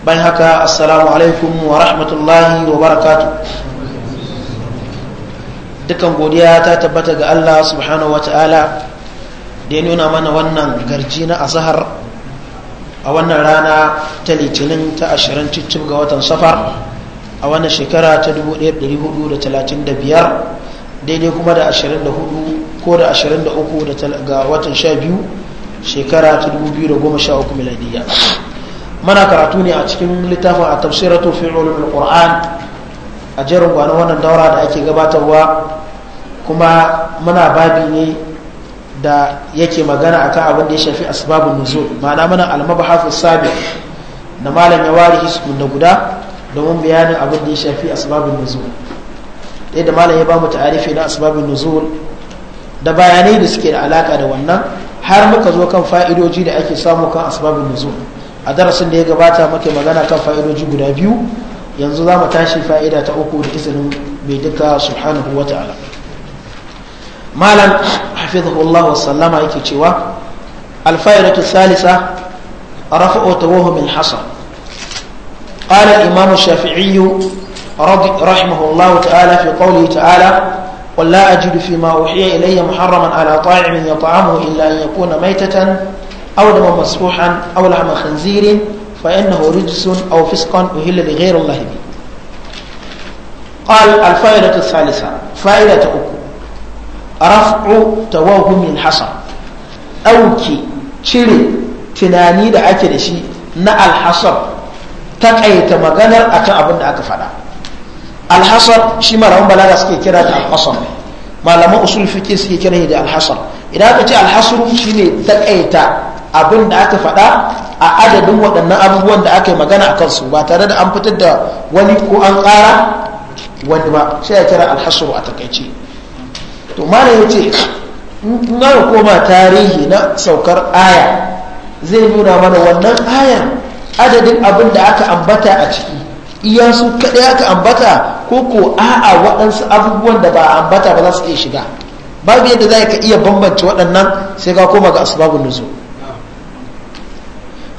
bayan haka assalamu alaikum wa rahmatullahi wa barakatu dukan godiya ta tabbata ga Allah subhanahu ta'ala da ya nuna mana wannan garji na azahar a wannan rana ta litinin ta ashirin cikin ga watan safar a wannan shekara ta 1435 daidai kuma da 24 ko da 23 ga watan 12 shekara ta 2013 miladiyya mana karatu ne a cikin littafin a tafsiratu fi ulumul qur'an a jerin gwanon wannan daura da ake gabatarwa kuma muna babi ne da yake magana akan abin da ya shafi asbabun nuzul ma'ana mana almabhafu sabi da malam ya wari ismun da guda domin bayanin abin da ya shafi asbabun nuzul ɗaya da malam ya ba mu ta'arifi na asbabun nuzul da bayanai da suke da alaka da wannan har muka zo kan fa'idoji da ake samu kan asbabun nuzul a darasin da ya gabata muke magana kan fa'idoji guda biyu yanzu za mu tashi fa'ida ta uku da izinin mai duka subhanahu wa malam hafizahullah wa sallama yake cewa alfa'idatu salisa rafa'u tawahu min hasan qala imam shafi'i rahimahullah ta'ala fi qawlihi ta'ala qul la ajidu fi ma uhiya ilayya muharraman ala ya yata'amuhu illa an ya yakuna maytatan أو دما مسفوحا أو لحم خنزير فإنه رجس أو فسقا أهل لغير الله به قال الفائدة الثالثة فائدة أكو رفع توهم الحصى أوكي cire tinani da ake da shi na alhasar taƙaita maganar akan abin da aka faɗa alhasar shi malaman balaga suke kira da alhasar malaman usul fiƙi suke kira da alhasar idan aka ce alhasar shine taƙaita abin da aka faɗa a adadin waɗannan abubuwan da aka yi magana a kansu ba tare da an fitar da wani ko an ƙara wani ba sai ya kira alhassuru a takaice to malam ya ce na koma tarihi na saukar aya zai nuna mana wannan aya adadin abin da aka ambata a ciki iya su kaɗai aka ambata ko ko a'a waɗansu abubuwan da ba a ambata ba za su iya shiga babu yadda za ka iya bambance waɗannan sai ka koma ga asbabun nuzul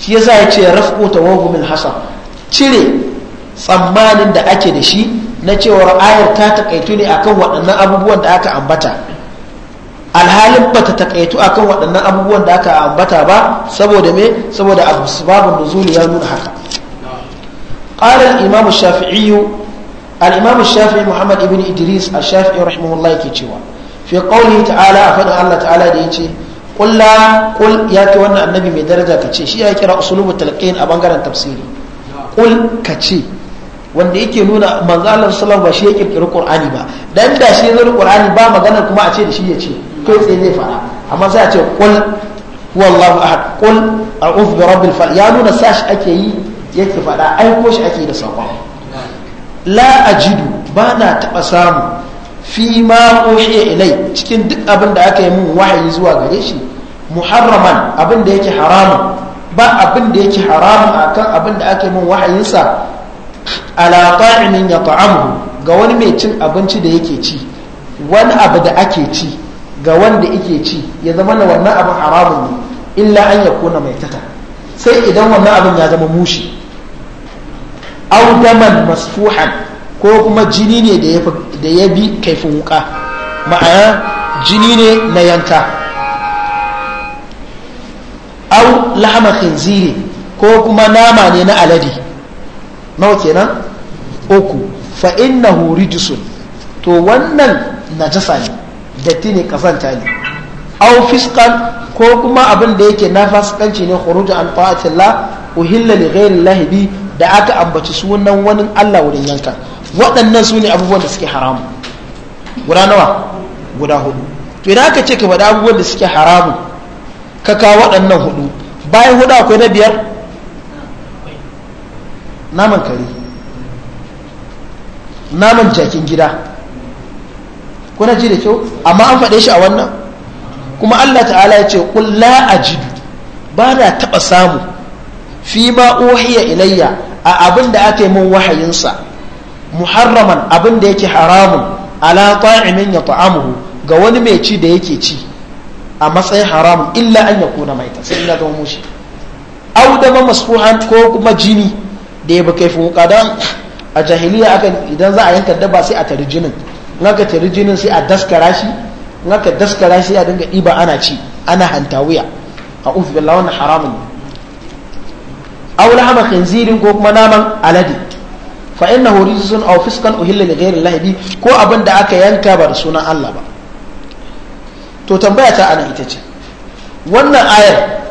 shi yasa ya ce rafko tawagu min hasan cire tsammanin da ake da shi na cewar ayar ta takaitu ne akan waɗannan abubuwan da aka ambata alhalin ba ta takaitu akan waɗannan abubuwan da aka ambata ba saboda me saboda da zuli ya nuna haka qala al-imam ash-shafi'i al Muhammad ibn Idris ash-Shafi'i rahimahullah yake cewa fi qawli ta'ala faɗin Allah ta'ala da yace kulla kul ya ke wannan annabi mai daraja ka ce shi ya kira usulubu talqin a bangaren tafsiri kul ka ce wanda yake nuna manzo Allah sallallahu ba shi ya kirkiri qur'ani ba dan da shi zai qur'ani ba magana kuma a ce da shi ya ce kai tsaye zai fara amma sai a ce kul huwallahu ahad kul a'udhu bi rabbil falaq ya nuna sashi ake yi yake fada aiko shi ake da sako la ajidu ba na taba samu fi ma uhiya ilai cikin duk abin da aka yi min wahayi zuwa gare shi muharraman abin da yake haramun ba abin da yake haramun akan abin da ake min wahayinsa ala ya ta'amu ga wani mai cin abinci da yake ci wani abu da ake ci ga wanda yake ci ya zama na wannan abin haramun ne illa an ya kuna mai tata sai idan wannan abin ya zama mushi audaman masfuhan ko kuma jini ne da ya bi kaifin wuka ma'ana jini ne na yanka au lahama khinziri ko kuma nama ne na alade nawa kenan uku fa innahu rijsun to wannan najasa ne datti ne kasanta ne au fisqan ko kuma abin da yake na fasikanci ne khuruju an ta'atillah uhilla li ghairi bi da aka ambaci sunan wani Allah wurin yanka waɗannan su ne abubuwan da suke haramu guda nawa guda hudu to idan aka ce ka faɗa abubuwan da suke haramu ka kawo waɗannan hudu bayan hudu akwai na biyar naman kare naman jakin gida kuna ji da kyau amma an faɗe shi a wannan kuma allah ta'ala ya ce ƙulla a jidu ba na taɓa samu fi ma uhiya ilayya a abin da aka yi min wahayinsa muharraman abin da yake haramun ala ta'imin ya ta'amuhu ga wani mai ci da yake ci a matsayin haramun illa an ya na maita sai ina zama mushi au da ba ko kuma jini da ya baka fuhu dan a jahiliya aka idan za a yanka dabba sai a tari jinin in aka tari jinin sai a daskara shi in aka daskara shi a dinga ɗiba ana ci ana hantawiya a ufi billah wannan haramun ne au lahama khinzirin ko kuma naman alade fa innahu rijsun aw fiskan uhilla li ghayri allah bi ko abin da aka yanka ba da sunan Allah ba to tambaya ta ana ita ce wannan ayar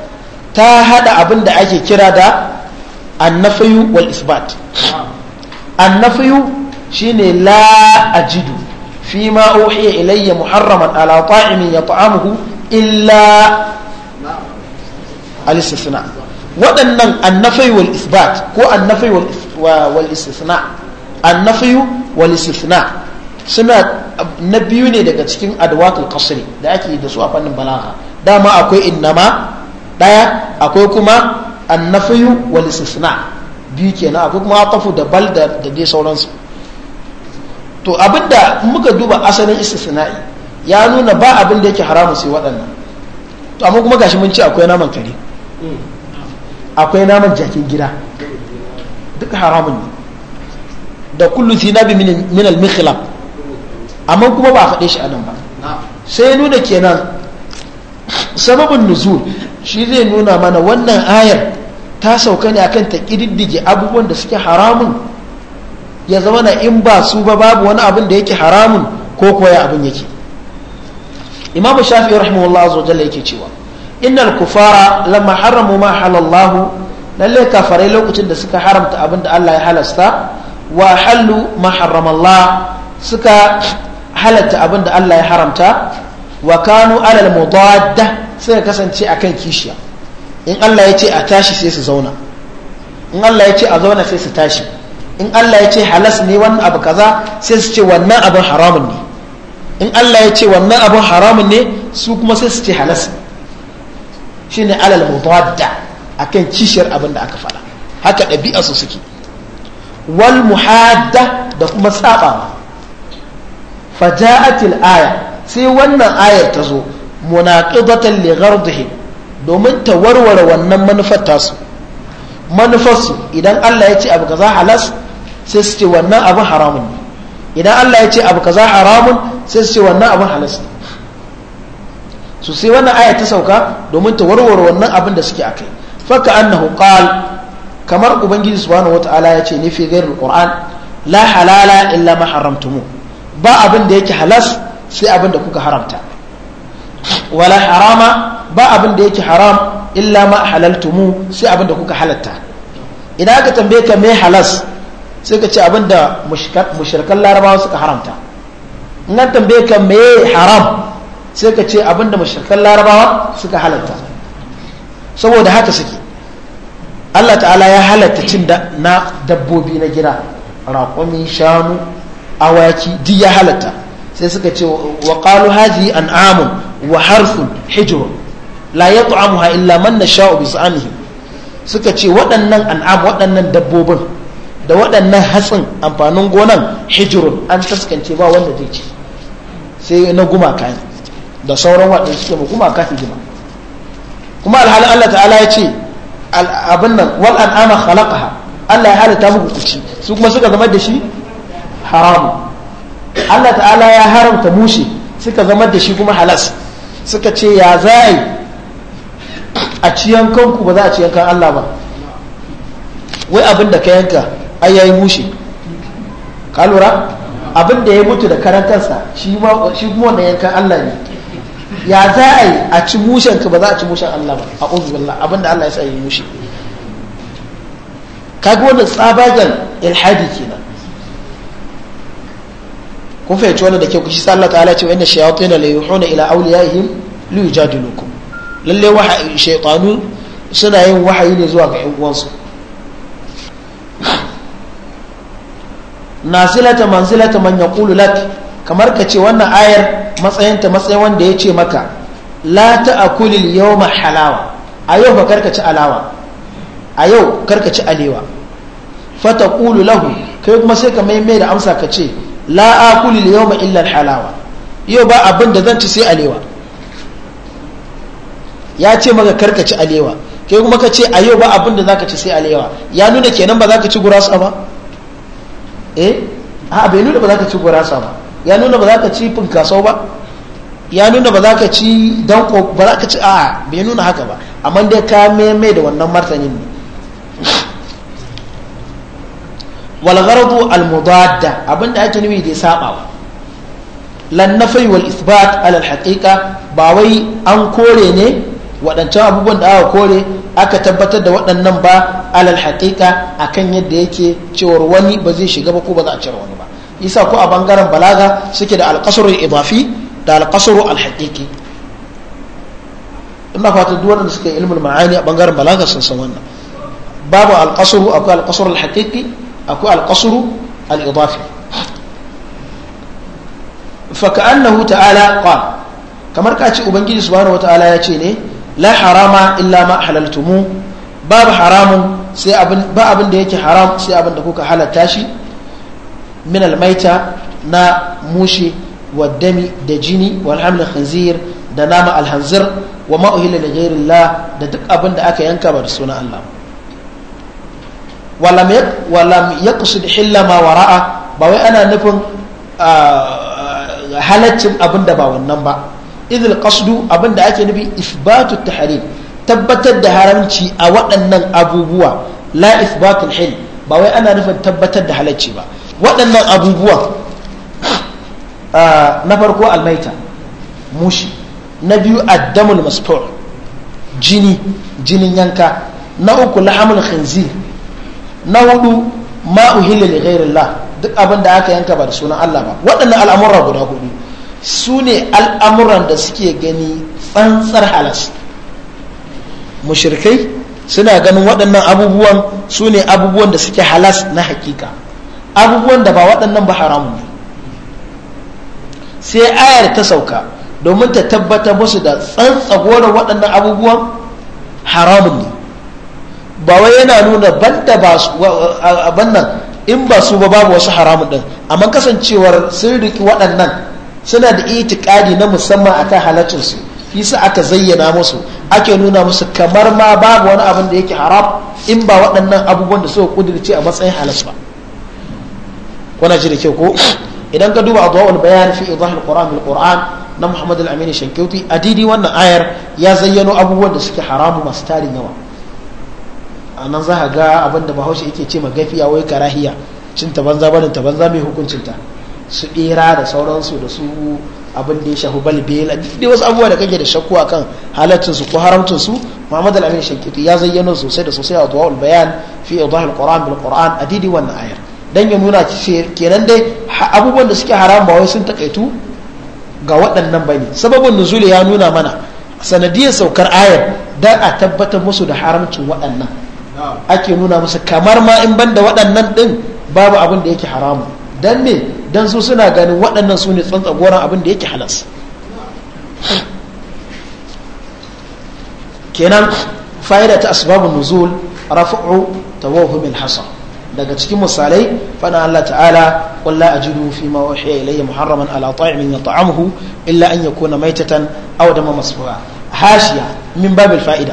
ta hada abin da ake kira da annafiyu wal isbat annafiyu shine la ajidu fi ma uhiya ilayya muharraman ala ya yat'amuhu illa al-istisna waɗannan annafiyu wal isbat ko annafiyu wal istisna annafiyu wal istisna suna na biyu ne daga cikin adwatul qasri da ake da su a fannin balagha dama akwai innama daya akwai kuma annafiyu wal istisna biyu kenan akwai kuma atafu da bal da dai sauransu to abinda muka duba asalin istisna'i ya nuna ba abin da yake haramu sai waɗannan to amma kuma gashi mun ce akwai naman kare akwai naman jakin gida duk haramun ne da kullu thinabi min al-mikhlab amma kuma ba a faɗe shi a nan ba sai nuna kenan sababin nuzul shi zai nuna mana wannan ayar ta sauka ne akan ta ƙididdige abubuwan da suke haramun ya zama na in ba su ba babu wani abin da yake haramun ko koya abin yake imam shafi'i rahimahullah azza jalla yake cewa innal kufara lamma haramu ma halallahu lalle kafarai lokacin da suka haramta abin da Allah ya halasta wa halu ma haramallah suka halatta abin da Allah ya haramta wa kanu alal mudadda suka kasance akan kishiya in Allah ya ce a tashi sai su zauna in Allah ya ce a zauna sai su tashi in Allah ya ce halas ne wannan abu kaza sai su ce wannan abin haramun ne in Allah ya ce wannan abin haramun ne su kuma sai su ce halas shine alal mudadda akan kishiyar abin da aka faɗa haka ɗabi'a su suke wal muhadda da kuma tsabawa faja'atil aya sai wannan aya ta zo munaqidatan li ghardihim domin ta warware wannan manufar tasu su idan Allah ya ce abu kaza halas sai su ce wannan abu haramun ne idan Allah ya ce abu kaza haramun sai su ce wannan abu halas ne su sai wannan aya ta sauka domin ta warware wannan abin da suke akai faka annahu qal kamar ubangiji subhanahu wataala ya ce ni fi ghairil qur'an la halala illa ma haramtumu ba abin da yake halas sai abin da kuka haramta wala harama ba abin da yake haram illa ma halaltumu sai abin da kuka halatta idan aka tambaye ka mai halas sai ka ce abin da mushrikan larabawa suka haramta in an tambaye ka mai haram sai ka ce abin da mushrikan larabawa suka halatta saboda haka suke Allah ta'ala ya halatta cin na dabbobi na gida raƙumi shanu awaki duk ya halatta sai suka ce wa qalu hadhihi an'amun wa harsun hijr la yat'amuha illa man nasha'u bi sa'amihim suka ce waɗannan an'am waɗannan dabbobin da waɗannan hatsin amfanin gonan hijirun an taskance ba wanda zai ci sai na gumaka ne da sauran waɗanda suke ma gumaka hijima kuma alhali Allah ta'ala ya ce abin nan wal an'ama khalaqaha Allah ya halatta muku kuci su kuma suka zama da shi haramu Allah ta'ala ya haramta mushe suka zama da shi kuma halas suka ce ya za a yi a ci ba za a ciyan kan Allah ba wai abin da ka yanka ai yayi mushe ka lura abin da ya mutu da karan kansa shi kuma wanda yankan Allah ne ya za a yi a ci mushen ka ba za a ci mushen Allah ba a uzubillah abin da Allah ya sa yi mushe kaga wannan tsabagen ilhadi kenan kun fahimci wannan da ke kushi sa Allah ta'ala ce wanda shayatin la yuhuna ila awliyaihim li yujadilukum lalle wahayi shaytanu suna yin wahayi ne zuwa ga ƴan uwansu nasilata manzilata man yaqulu lak kamar ka ce wannan ayar matsayinta matsayin wanda ya ce maka la ta'kulil yawma halawa a yau ba ci alawa a yau ci alewa fata ƙulu lahu kai kuma sai ka maimai da amsa ka ce la akulu yawma illar halawa yau ba abin da zan ci sai alewa ya ce maka karka ci alewa ke kuma ka ce a yau ba abin da ka ci sai alewa ya nuna kenan ba za ka ci gurasa ba eh a bai nuna ba za ka ci gurasa ba ya nuna ba za ka ci finkasau ba ya nuna ba za ka ci danko ba za ka ci a bai nuna haka ba amma dai ka meme da wannan martanin ne wal gharadu al mudadda abinda ake nufi da sabawa lan nafai wal isbat ala al haqiqa ba wai an kore ne waɗancan abubuwan da aka kore aka tabbatar da waɗannan ba alal haƙiƙa akan yadda yake cewar wani ba zai shiga ba ko ba za a cire wani ba isa ko a bangaren balaga suke da alƙasarul idafi da alƙasarul alhaƙiƙi ina fata duk wanda suke ilmul ma'ani a bangaren balaga sun san wannan babu alƙasaru akwai alƙasarul haƙiƙi akwai alƙasuru al'idafi faka'annahu ta'ala ƙwa kamar ka ce ubangiji subhanahu wata'ala ya ce ne la harama illa ma halaltumu babu haramun sai abin ba abin da yake haram sai abin da kuka halatta shi min almaita na mushe wa dami da jini wal hamlin khinzir da nama alhanzir wa ma'uhila da gairin da duk abin da aka yanka ba da sunan Allah walam ya kusudu hillama wara'a ba wai ana nufin ah, ah, halaccin abin da ba wannan ba idil qasdu abin da ake nufi isbatu tahrim tabbatar da haramci a waɗannan abubuwa la ifbatul hil ba wai ana nufin tabbatar da halacci ba waɗannan abubuwa ah, na farko almaita mushi na biyu addamul masfur jini jinin yanka na uku la'amul khinzir na hudu ma uhilla li ghairillah duk abin da aka yanka ba da sunan Allah ba waɗannan al'amura guda hudu su ne al'amuran da suke gani tsantsar halas mushrikai suna ganin waɗannan abubuwan su ne abubuwan da suke halas na hakika abubuwan da ba waɗannan ba haramu ne sai ayar ta sauka domin ta tabbatar musu da tsantsagorar waɗannan abubuwan haramun ne ba wai yana nuna banda ba abin nan in ba su ba babu wasu haramun din amma kasancewar sun riki waɗannan suna da itikadi na musamman ta halaccin su yasa aka zayyana musu ake nuna musu kamar ma babu wani abin da yake haram in ba waɗannan abubuwan da suka kudirce a matsayin halas ba kuna ji da kyau ko idan ka duba adwaul bayan fi idah alquran bil quran na muhammad al-amin shankauti a didi wannan ayar ya zayyano abubuwan da suke haramu masu tarin yawa a nan za ga abin da bahaushe yake ce magafiya wai karahiya cin ta banza barin ta banza mai hukuncinta su ɓera da sauransu da su abin da ya shafi balbela duk dai wasu abubuwa da kake da shakku akan halaccinsu ko haramtunsu muhammad al-amin ya zayyana sosai da sosai a duwawul bayan fi idah al-quran bil quran a didi wannan ayar dan ya nuna kenan dai abubuwan da suke haram ba wai sun takaitu ga waɗannan bane sababin nuzuli ya nuna mana sanadiyar saukar ayar dan a tabbatar musu da haramcin waɗannan ake nuna musu kamar ma in banda waɗannan ɗin babu abin da yake haramu dan me dan su suna ganin waɗannan su ne tsantsagoran abin da yake halas kenan fa'ida ta asbabun nuzul raf'u tawahum al-hasar daga cikin misalai fana Allah ta'ala qul la ajidu fi ma uhiya ilayya muharraman ala ta'imin yat'amuhu illa an yakuna maytatan aw dama masfuha hashiya min babil fa'ida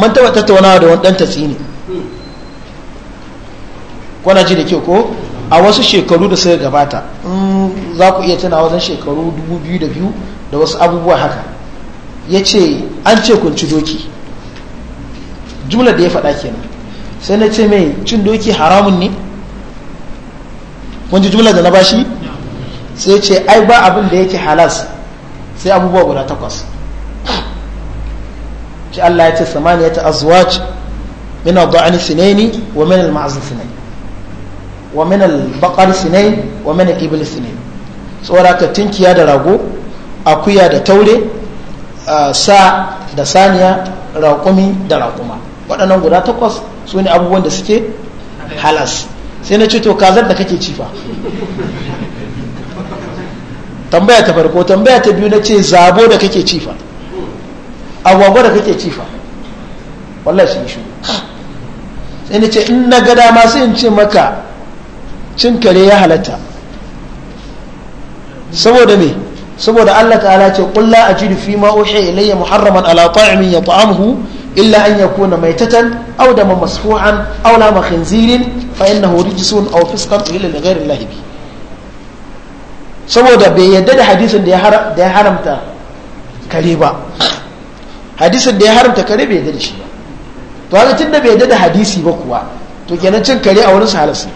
man taba tattaunawa da wani dan tatsi ne kwana ji da kyau ko a wasu shekaru da suka gabata in za ku iya tana wajen shekaru 2002 da wasu abubuwa haka ya ce an ce kun ci doki jumla da ya faɗa kenan sai na ce mai cin doki haramun ne ji jumla da na bashi sai ce ai ba abin da yake halas sai abubuwa guda takwas shi Allah ya ce samaniya ta azwaj min ad-da'ani sinaini wa min al sinai, wa min al-baqar wa min al-ibil tsora tsoraka tinkiya da rago akuya da taure sa da saniya raƙumi da raƙuma waɗannan guda takwas su ne abubuwan da suke halas sai na ce to kazar da kake cifa tambaya ta farko tambaya ta biyu na ce zabo da kake cifa agwagwa da kake cifa wallahi shi shi sai na ce in na ga dama sai in ce maka cin kare ya halatta saboda me saboda Allah ta'ala ce kulla ajidu fi ma uhiya ilayya muharraman ala ta'amin yat'amuhu illa an ya yakuna maitatan aw daman masfuhan aw lama khinzirin fa innahu rijsun aw fisqan ila ghayri Allah bi saboda bai yadda da hadisin da ya haramta kare ba hadisin da ya haramta kare bai yadda da shi ba to haka tunda bai yadda da hadisi ba kuwa to kenan cin kare a wurin su halasta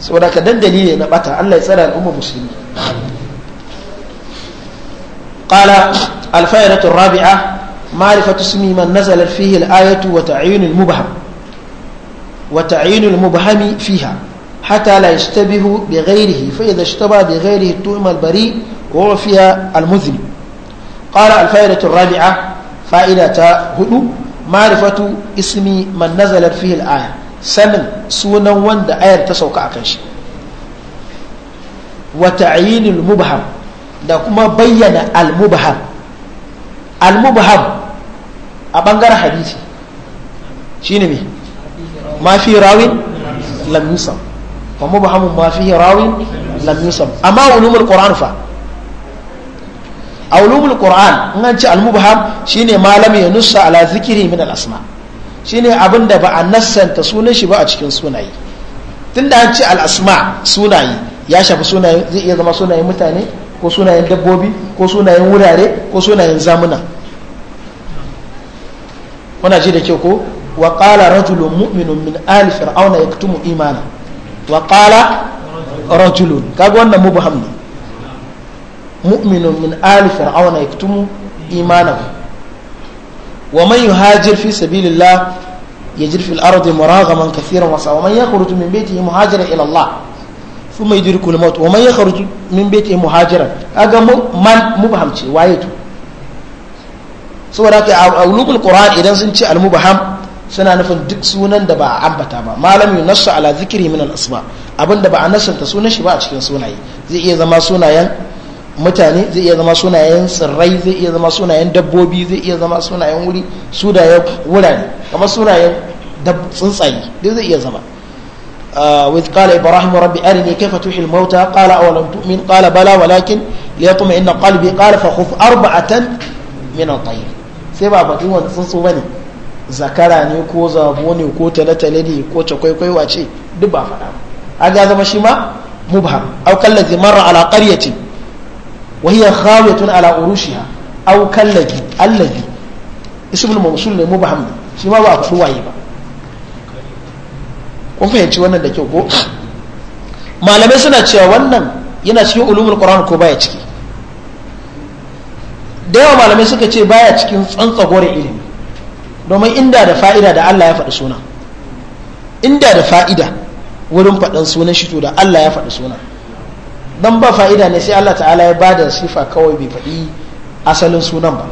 saboda ka dan dalili na bata Allah ya tsara al'umma musulmi qala al rabia ma'rifatu ismi man nazalat fihi al-ayatu wa ta'yin al-mubham wa ta'yin al-mubham fiha hatta la yashtabihu bi ghayrihi fa idha ishtaba bi ghayrihi tu'ma al-bari wa fiha al-muzlim qala al-faidatu rabia fa'ida ta hudu ma'rifatu ismi man nazalat fihi al-aya sanin sunan wanda ayar ta sauka akan shi wa ta'yinul mubham da kuma bayyana al-mubham al-mubham a bangaren hadisi shine me ma fi rawin lam yusam wa mubhamun ma fi rawin lam yusam amma ulumul qur'an fa ulumul qur'an in an ce almubham shine malami ya nussa ala zikiri min alasma asma shine abin da ba a nassanta sunan shi ba a cikin sunaye tunda an ce alasma asma sunaye ya shafi sunaye zai iya zama sunayen mutane ko sunayen dabbobi ko sunayen wurare ko sunayen zamuna kuna ji da kyau ko wa qala rajulun mu'minun min ali fir'auna yaktumu imana wa qala rajulun kaga wannan mubham mu'minun min ali fir'auna yaktumu imanahu wa man yuhajir fi sabilillah yajid fil ardi muraghaman kathiran wa sa'a wa man yakhruj min baytihi muhajiran ila Allah thumma yudriku al maut wa man yakhruj min baytihi muhajiran man waye saboda haka a ulul qur'an idan sun ce al suna nufin duk sunan da ba a ambata ba malam yunassu ala zikiri min al asma abinda ba a nasanta sunan shi ba a cikin sunaye zai iya zama sunayen mutane zai iya zama sunayen tsirrai zai iya zama sunayen dabbobi zai iya zama sunayen wuri sunayen wurare kamar sunayen tsuntsaye duk zai iya zama with ah, qala ibrahim rabbi arini kayfa tuhil mauta qala awalam tu'min qala bala walakin liyatma inna qalbi qala fa khuf arba'atan min at-tayr sai ba bakin wani tsuntsu bane zakara ne ko zabo ne ko talatale ne ko cakwaikwai wace duk ba faɗa ba a ga zama shi ma mubham au kallazi marra ala qaryatin wa hiya khawiyatun ala urushiha aw kallabi allabi ismul mawsul ne mubham shi ma ba a faɗi ba kun fahimci wannan da kyau ko malamai suna cewa wannan yana cikin ulumul qur'an ko baya ciki da yawa malamai suka ce baya cikin tsantsagore ilimi domin inda da fa'ida da Allah ya faɗi suna inda da fa'ida wurin faɗin sunan shi to da Allah ya faɗi suna dan ba fa'ida ne sai Allah ta'ala ya bada sifa kawai bai faɗi asalin sunan ba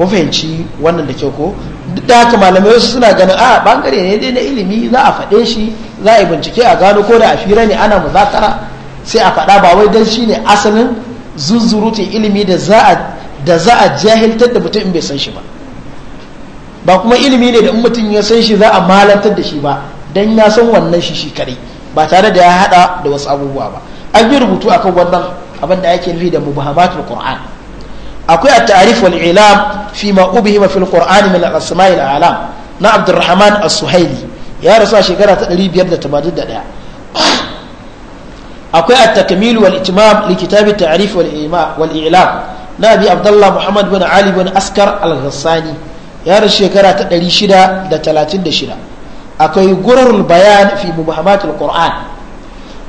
ko fahimci wannan da kyau ko duk da haka malamai wasu suna ganin a bangare ne dai na ilimi za a faɗe shi za a yi bincike a gano ko da a fira ne ana muzakara sai a faɗa ba wai dan shine asalin zuzzurutun ilimi da za a jahiltar da mutum in bai san shi ba ba kuma ilimi ne da in mutum ya san shi za a malantar da shi ba dan ya san wannan shi shi kare ba tare da ya hada da wasu abubuwa ba an yi rubutu akan wannan abin da ake nufi da mubahamatul qur'an akwai at-ta'rif wal ilam fi ma ubihima fil qur'an min al-asma'il alam na abdurrahman as-suhaili ya rasu a shekara ta 581 akwai at-takmil wal itmam li kitab at-ta'rif wal ilam na abi abdullah muhammad bin ali bin askar al-ghassani ya rasu shekara ta 636 akwai gurarul bayan fi mubahamatul qur'an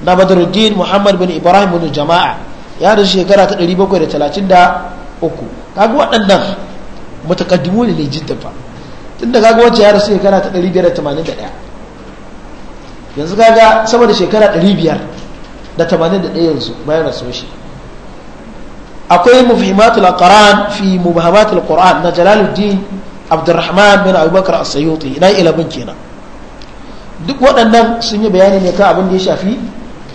na badruddin muhammad bin ibrahim bin jama'a ya da shekara ta 733 kaga waɗannan mutakaddimu ne ne jidda fa tun da kaga wacce ya da shekara ta 581 yanzu kaga sama da shekara 500 da yanzu bayan rasuwar shi akwai mufhimatul qur'an fi mubahamatul qur'an na jalaluddin abdurrahman bin abubakar as-sayyuti ina ila bin kenan duk waɗannan sun yi bayani ne kan abin da ya shafi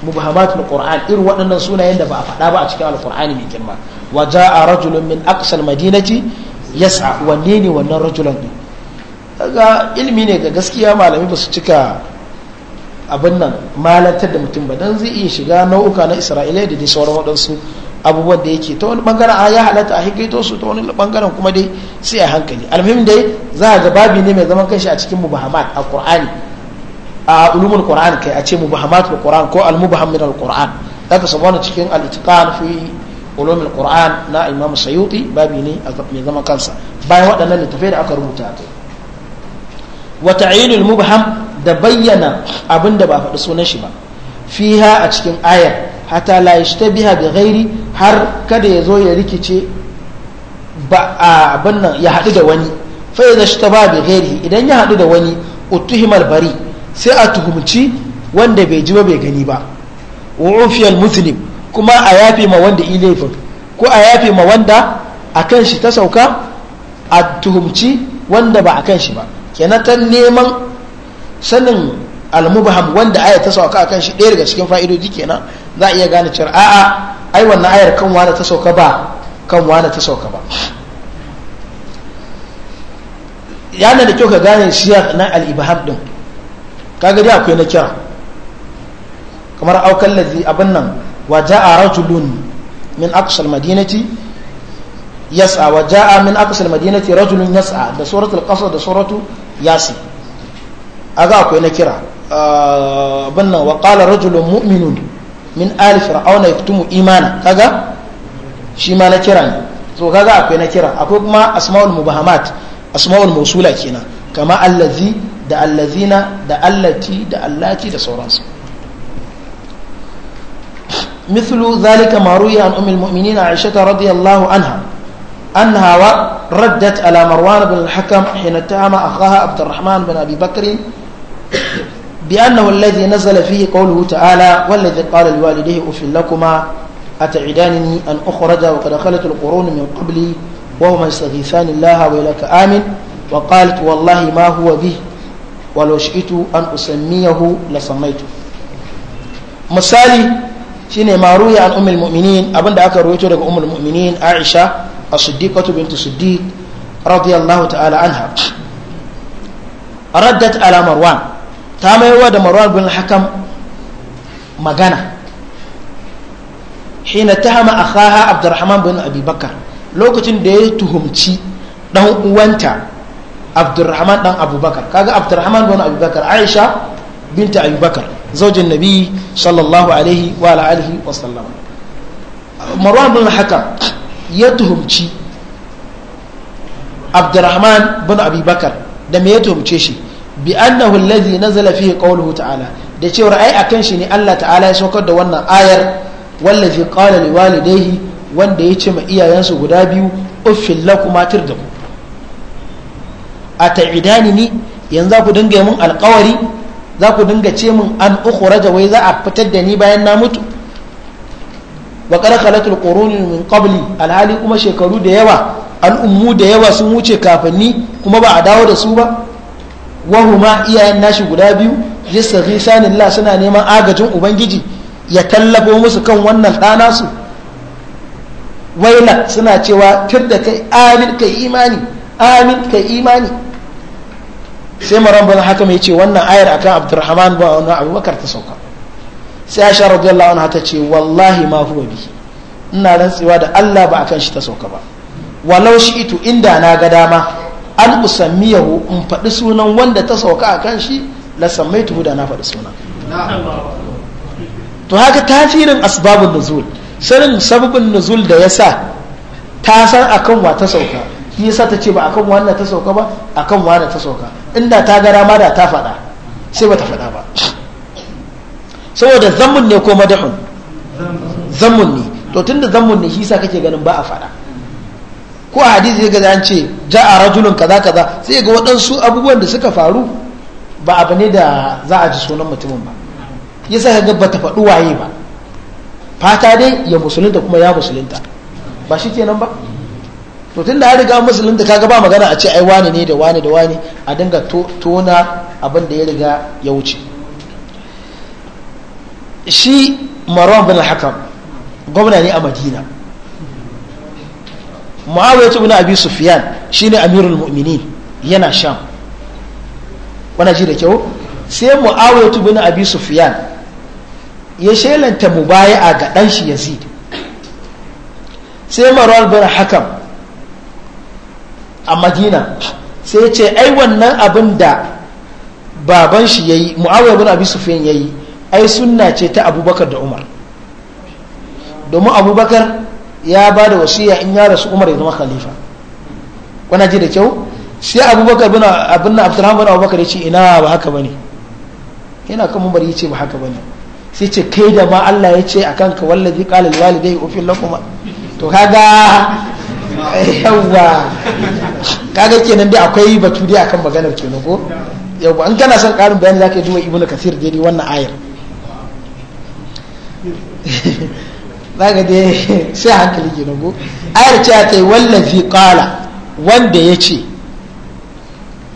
na qur'an irin waɗannan sunayen da ba a faɗa ba a cikin alqur'ani mai girma wa a rajulun min aksal madinati yas'a wanne ne wannan rajulun ne. Daga ilimi ne ga gaskiya malami ba su cika abin nan malantar da mutum ba don zai iya shiga nau'uka na isra'ila da dai sauran waɗansu abubuwan da yake ta wani bangaren a ya halatta a hikaito su ta wani bangaren kuma dai sai a hankali almuhim dai za a ga babi ne mai zaman kanshi a cikin mubahamat a qur'ani a ulumul qur'an kai a ce mubahamatul qur'an ko al mubahamminul qur'an zaka samu wannan cikin al itqan fi ulumul qur'an na imam sayuti babi ne mai zama kansa bayan waɗannan littafai da aka rubuta wa ta'yinul mubham da bayyana abin da ba faɗi sunan shi ba fiha a cikin ayar hata la yashtabiha bi ghairi har kada ya zo ya rikice ba abin nan ya haɗu da wani fa idza ishtaba bi idan ya haɗu da wani utuhimal bari sai a tuhumci wanda bai ji ba bai gani ba wa ufiyal muslim kuma a yafe ma wanda ilaifin ko a yafe ma wanda a kan shi ta sauka a tuhumci wanda ba a kan shi ba kenan ta neman sanin almubaham wanda aya ta sauka a kan shi ɗaya daga cikin fa'idoji kenan za a iya gane cewa a'a ai wannan ayar kan wani ta sauka ba kan wani ta sauka ba yana da kyau ka gane siyar na al-ibham din kaga dai akwai na kira kamar aukan ladhi abin nan wa ja'a rajulun min aqsal madinati yas'a wa ja'a min aqsal madinati rajulun yas'a da suratul qasas da suratu yasin aga akwai na kira ah, abin nan wa qala rajulun mu'minun min ali fir'auna yaktumu imana kaga shi ma na kira ne to kaga akwai na kira akwai kuma asma'ul mubahamat asma'ul mausula kenan kama allazi da allazina da allati da allati da sauransu مثل ذلك ما روي عن أم المؤمنين عائشة رضي الله عنها أنها ردت على مروان بن الحكم حين اتهم أخاها عبد الرحمن بن أبي بكر بأنه الذي نزل فيه قوله تعالى والذي قال لوالديه أف لكما أتعدانني أن أخرج وقد خلت القرون من قبلي وهما يستغيثان الله ويلك آمن وقالت والله ما هو به walau shi'itu an usammiyahu la sammaitu misali shine maruya an ummul mu'minin abinda aka rawaito daga ummul mu'minin Aisha as-siddiqatu bintu siddiq radiyallahu ta'ala anha raddat ala marwan ta maiwa da marwan bin hakam magana hina tahama akaha abdurrahman bin abibakar lokacin da ya tuhumci dan uwanta abdurrahman dan abubakar kaga abdurrahman bin abubakar aisha binta abubakar zaujin nabi sallallahu alaihi wa alihi wa sallam marwan bin haka ya tuhumci abdurrahman bin abubakar da me ya tuhumce shi bi annahu alladhi nazala fihi qawluhu ta'ala da cewa ai akan shi ne Allah ta'ala ya saukar da wannan ayar wallazi qala liwalidayhi wanda ya ce ma iyayensu guda biyu uffil da ku. a ata'idani ni yanzu za ku dinga mun alkawari za ku dinga ce mun an raja wai za a fitar da ni bayan na mutu wa qad khalatul quruni min qabli alhali kuma shekaru da yawa al'ummu da yawa sun wuce kafin ni kuma ba a dawo da su ba wahuma iyayen nashi guda biyu yastaghisanillah suna neman agajin ubangiji ya tallafo musu kan wannan ɗana su waila suna cewa tir da kai amin kai imani amin kai imani sai maran bin hakam ya ce wannan ayar akan abdurrahman ba wani abubakar ta sauka sai aisha radiyallahu anha ta ce wallahi ma huwa bihi ina rantsewa da Allah ba akan shi ta sauka ba walau shi itu inda na ga dama an usammiyahu in faɗi sunan wanda ta sauka akan shi la tu da na faɗi sunan to haka tasirin asbabun nuzul sanin sababin nuzul da yasa ta san akan wa ta sauka shi yasa ta ce ba akan wannan ta sauka ba akan wannan ta sauka inda ta ga rama da ta faɗa sai ba ta faɗa ba saboda zammun ne ko madahun zammun ne to tunda zammun ne shi yasa kake ganin ba a faɗa ko a hadisi ga an ce ja a rajulun kaza kaza sai ga waɗansu abubuwan da suka faru ba abu ne da za a ji sunan mutumin ba yasa ka ga bata faɗi waye ba fata dai ya musulunta kuma ya musulunta ba shi kenan ba to da ya riga da kaga ba magana a ce ai wani ne da wani da wani a dinga tona abin da ya riga ya wuce shi marwan bin hakam gwamna ne a madina muawiyah ibn abi sufyan ne amirul mu'mini yana sham wana ji da kyau sai muawiyah ibn abi sufyan ya shelanta mubaya'a ga ɗanshi shi yazid sai marwan bin hakam a madina sai ce ai wannan abin da baban shi ya yi mu'awiyar bin abi sufiyan ya yi ai sunna ce ta abubakar da umar domin abubakar ya ba da wasiya in ya rasu umar ya zama khalifa kuna ji da kyau sai abubakar bin abin na abdurrahman bin abubakar ya ce ina ba haka ba ne yana kan mumbar ya ce ba haka ba ne sai ce kai da ma allah ya ce a kanka wallazi qala walidai walidayhi lakuma to kaga yawa kaga kenan dai akwai batu dai akan maganar kenan ko yawa an kana son karin bayani zaka ji wa ibnu kasir dai wannan ayar zaka dai sai hankali kenan ko ayar ce ta yi wallazi qala wanda yace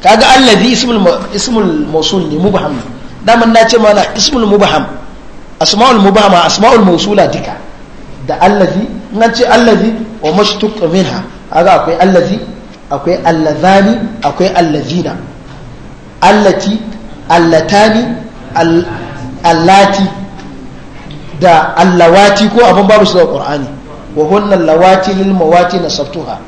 kaga allazi ismul ismul mawsul ne mubham daman na ce mana ismul mubham asma'ul mubhama asma'ul mawsula duka da allazi nan ce allazi wa mashtuq minha aga akwai allazi akwai allazani akwai allazina allati allatani allati da allawati ko abin babu su da qur'ani wa hunna allawati lil mawati nasabtuha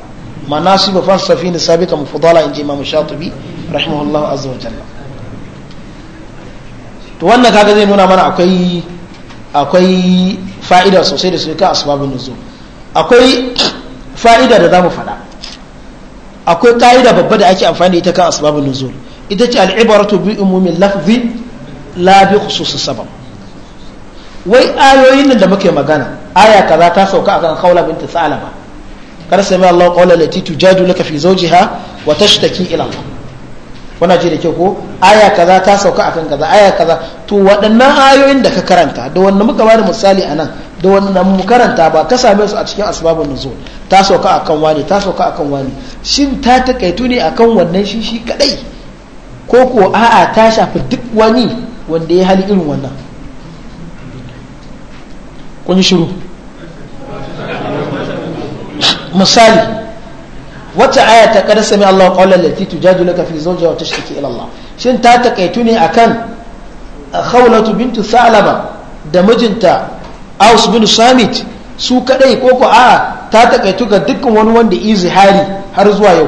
manasib falsafi ne sabika mufdala inji imam shatibi rahimahullah azza wa jalla to wannan kaga zai nuna mana akwai akwai fa'ida sosai da su ka asbabun nuzul akwai fa'ida da za mu faɗa akwai ƙa'ida babba da ake amfani da ita kan asibabin nuzul ita ce al'ibaratu bi umumin lafzi la bi khususus sabab wai ayoyin nan da muke magana aya kaza ta sauka akan khawla binti salama kar sai mai Allah qawla lati tujadu laka fi zawjiha wa tashtaki ila Allah kuna ji da ke ko aya kaza ta sauka akan kaza aya kaza to waɗannan ayoyin da ka karanta da wanda muka bada misali anan da wannan mu karanta ba ka same su a cikin asbabun nuzul ta sauka akan wani ta sauka akan wani shin ta takaitu ne akan wannan shi shi kadai ko ko a'a ta shafi duk wani wanda ya hali irin wannan kun shiru misali wata aya ta kada sami Allah qawlan lati tujadu laka fi zawjiha wa tashtaki ila Allah shin ta takaitu ne akan khawlatu bintu Salama da mijinta aus bin samit su kadai ko ko a ta takaitu ga dukkan wani wanda izihari har zuwa yau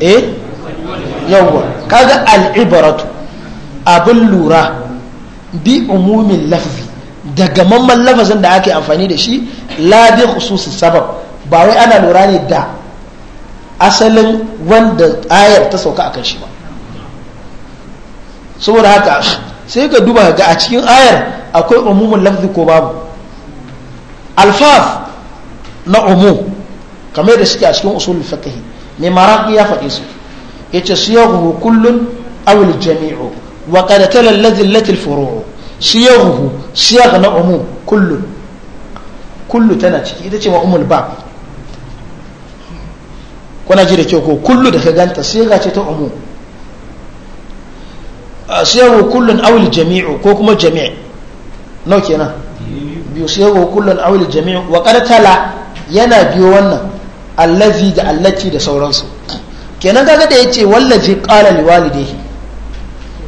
eh yawwa kaga al'ibaratu abin lura bi umumin lafzi da mamman lafazin da ake amfani da shi la bi sabab ba wai ana lura ne da asalin wanda ayar ta sauka a akan shi ba saboda haka sai ka duba ga a cikin ayar akwai umumin lafzi ko babu alfaf na umu kamar da suke a cikin usulun fakahi ne ya faɗi su yace siyaghu kullun aw jami'u wa qad tala alladhi allati al furu'u siyaghu na umu kullun kullu tana ciki ita ce wa umul ba kuna ji da kyau ko kullu da ka ganta siyaga ce ta umu Ah, siyaru kullun awil jami'u ko kuma jami'u nau kenan biyu siyaru kullun awil jami'u wa yana biyo wannan allazi da allati da sauransu kenan kaga da yace wallazi qala liwalidayhi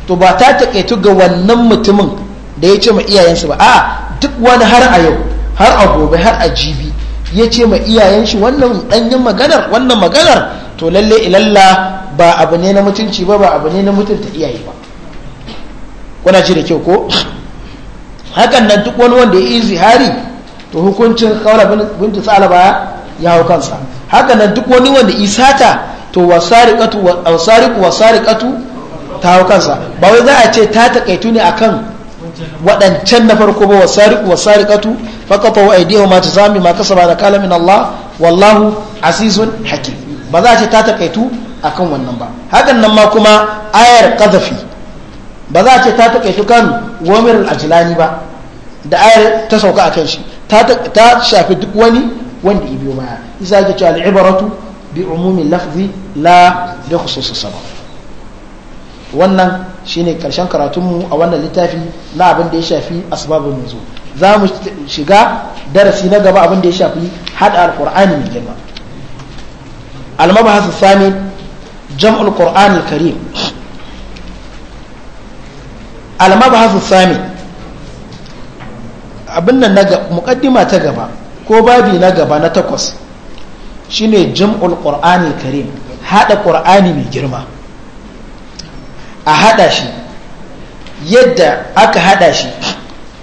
to ba ta takaitu ga wannan mutumin da ya ce ma iyayensa ba a duk wani har a yau har a gobe har a jibi yace ma iyayen shi wannan danyen maganar wannan maganar to lalle ilalla ba abu ne na mutunci ba ba abu ne na mutunta iyaye ba kuna ji da kyau ko hakan nan duk wani wanda ya yi zihari to hukuncin Binta binti salaba ya hau kansa hakan nan duk wani wanda isata to wasariqatu wasariqu wasariqatu ta hau kansa ba wai za a ce ta takaitu ne a kan waɗancan na farko ba wasariqu wasariqatu fakafa wa aidiyar mata zami ma ba da kalamin Allah wallahu azizun hakim ba za a ce ta takaitu kan wannan ba hakan nan ma kuma ayar ƙazafi. ba za a ce ta taƙaitu kan gomirin ajilani ba da ayar ta sauka a kan shi ta shafi duk wani wanda ya biyo baya isa al'ibaratu bi umumin lafzi la bi khususus sabab wannan shine karshen karatunmu a wannan littafi na abin da ya shafi asbabun nuzul za mu shiga darasi na gaba abin da ya shafi hada alqur'ani mai girma al-mabahas sami jam'ul qur'an al-karim almabhasu sami abinnan na mukaddima ta gaba ko babi na gaba na takwas shine jam'ul qur'ani karim hada qur'ani mai girma a haɗa shi yadda aka haɗa shi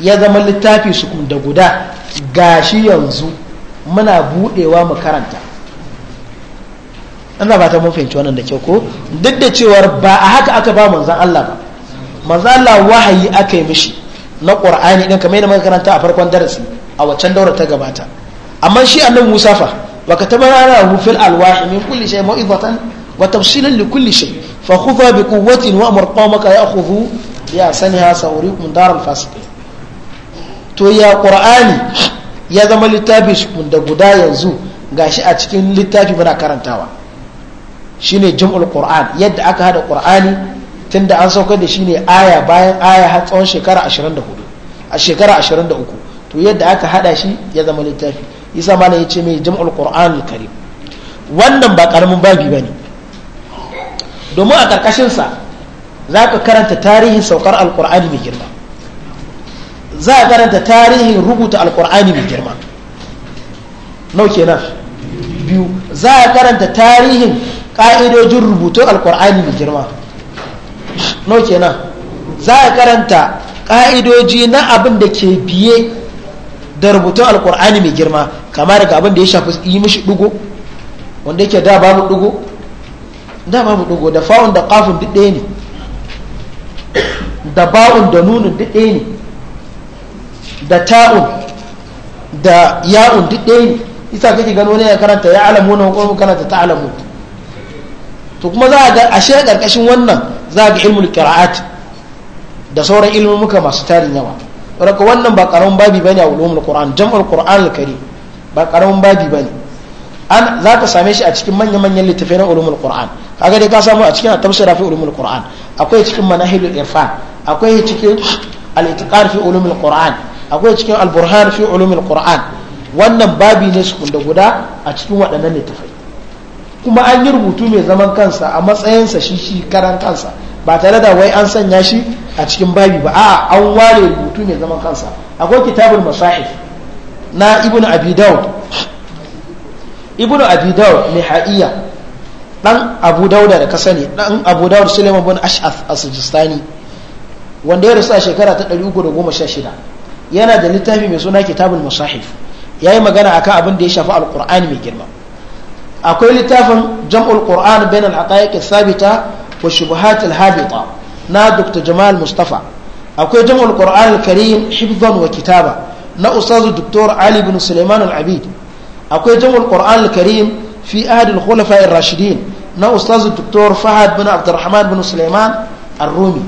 ya zama littafi su da guda gashi yanzu muna buɗewa mu karanta ina ba ta mun fahimci wannan da kyau ko duk da cewar ba a haka aka ba manzan Allah ba Maza la wahayi aka yi mishi na qur'ani din kamar yadda makaranta karanta a farkon darasi a waccan daura ta gabata amma shi annabi Musa fa wa katabana lahu fil alwahi min kulli shay mau'izatan wa tafsilan li kulli shay fa khudha bi quwwatin wa ya saniha sawrikum daral fasiki. to ya qur'ani ya zama littafi da guda yanzu gashi a cikin littafi muna karantawa shine jam'ul qur'an yadda aka hada qur'ani tunda an saukar da shi ne aya bayan aya har tsawon shekara 24 a shekara 23 to yadda aka hada shi ya zama littafi isa ya ce mai jam'ul qur'an karim wannan ba karamin babi bane domin a karkashin sa ka karanta tarihin saukar alqur'ani mai girma za a karanta tarihin rubuta alqur'ani mai girma nau kenan biyu za a karanta tarihin ka'idojin rubutun alqur'ani mai girma no kenan za a karanta ƙa'idoji na abin da ke biye da rubutun alkur'ani mai girma kama daga abin da ya shafi yi mishi dugo wanda yake da babu dugo da babu dugo da fa'un da kafin duk ɗaya ne da ba'un da nunin duk ɗaya ne da ta'un da ya'un duk ɗaya ne isa kake gano ne ya karanta ya alamu na hukumar karanta ta alamu to kuma za a ga ashe ƙarƙashin wannan za ga ilmul qira'at da sauran muka masu tarin yawa saboda wannan ba karamin babi bane a ulumul qur'an jam'ul qur'an al kari ba karamin babi bane an za ka same shi a cikin manyan manyan littafai na ulumul qur'an kaga dai ka samu a cikin tafsira fi ulumul qur'an akwai cikin manahilul irfan akwai cikin al-itiqar fi ulumul qur'an akwai cikin al-burhan fi ulumul qur'an wannan babi ne su da guda a cikin waɗannan littafai kuma an yi rubutu mai zaman kansa a matsayinsa shi shi karan kansa ba tare da wai an sanya shi a cikin babi ba a'a an ware rubutu mai zaman kansa akwai kitabul masahif na ibn abi daud ibn abi daud mai ha'iya dan abu dauda da ka sani dan abu daud suleiman bin ash'af as wanda ya rasu a shekara ta 316 yana da littafi mai suna kitabul masahif yayi magana akan abin da ya shafi alqur'ani mai girma akwai littafin jam'ul qur'an bain al sabita wa shubuhatil al-habita na dr jamal mustafa akwai jam'ul qur'an al-karim hifdhan wa kitaba na ustazu dr ali bin suleiman al-abid akwai jam'ul qur'an al-karim fi ahd al-khulafa ar-rashidin na ustazu dr fahad bin abdurrahman bin sulaiman ar-rumi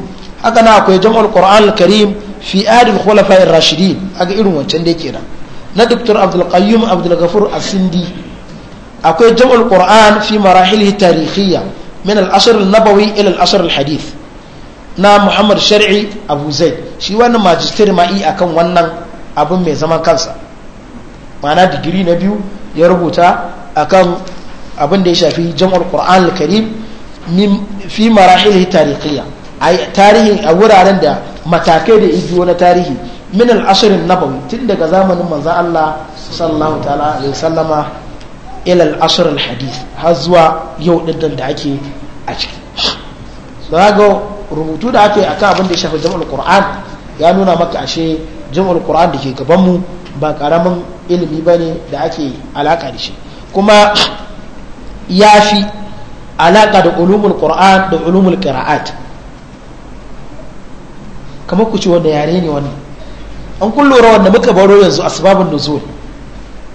haka na akwai jam'ul qur'an al-karim fi ahd al-khulafa ar-rashidin aga irin wancan da yake na dr abdul qayyum abdul ghafur as-sindi akwai jam'ul qur'an fi marahilihi tarihiyya min al-asr al-nabawi ila al-asr al-hadith na muhammad shar'i abu zaid shi wannan majistir ma'i akan wannan abun mai zaman kansa ma'ana digiri na biyu ya rubuta akan abin da ya shafi jam'ul qur'an al-karim fi marahilihi tarihiyya tarihi a wuraren da matakai da igiyo na tarihi min al-asr an-nabawi tun daga zamanin manzo Allah sallallahu ta'ala alaihi wasallama ilal al hadis har zuwa yau ɗin da ake a ciki za ga rubutu da ake akan abin da ya shafi jam'ul qur'an ya nuna maka ashe jam'ul qur'an da ke gaban mu ba karamin ilimi bane da ake alaka da shi kuma ya fi alaka da ulumul qur'an da ulumul qira'at kamar ku ci wanda yare ne wannan an kun lura wanda muka baro yanzu asbabun nuzul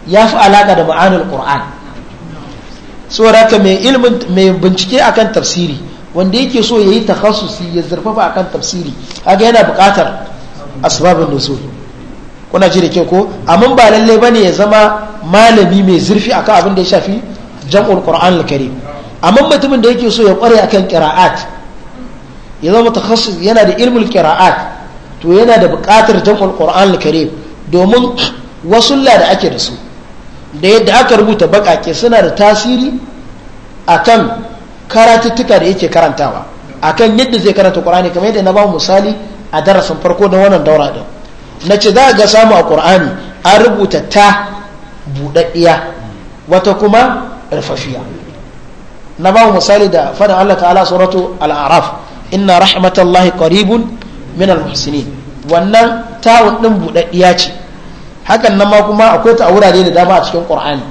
ya fi alaƙa da ma'anar ƙur'an saboda mai mai bincike akan tafsiri wanda yake so ya yi takhasusi ya zurfafa akan tafsiri haka yana buƙatar asbabun nuzul kuna ji da ke ko amma ba lalle ne ya zama malami mai zurfi akan abin da ya shafi jam'ul qur'an al-karim amma mutumin da yake so ya kware akan qira'at ya zama yana da ilmul qira'at to yana da buƙatar jam'ul qur'an al domin wasulla da ake da su da yadda aka rubuta bakake suna da tasiri akan karatuttuka da yake karantawa akan yadda zai karanta qur'ani kamar yadda na ba misali a darasin farko na wannan daura din na ce za ga samu a qur'ani an rubuta ta budaddiya wata kuma rufafiya na ba misali da fadan Allah ta'ala suratu al-a'raf inna rahmatallahi qaribun min al-muhsinin wannan tawun din budaddiya ce hakan nan ma kuma akwai ta a wurare da dama a cikin qur'ani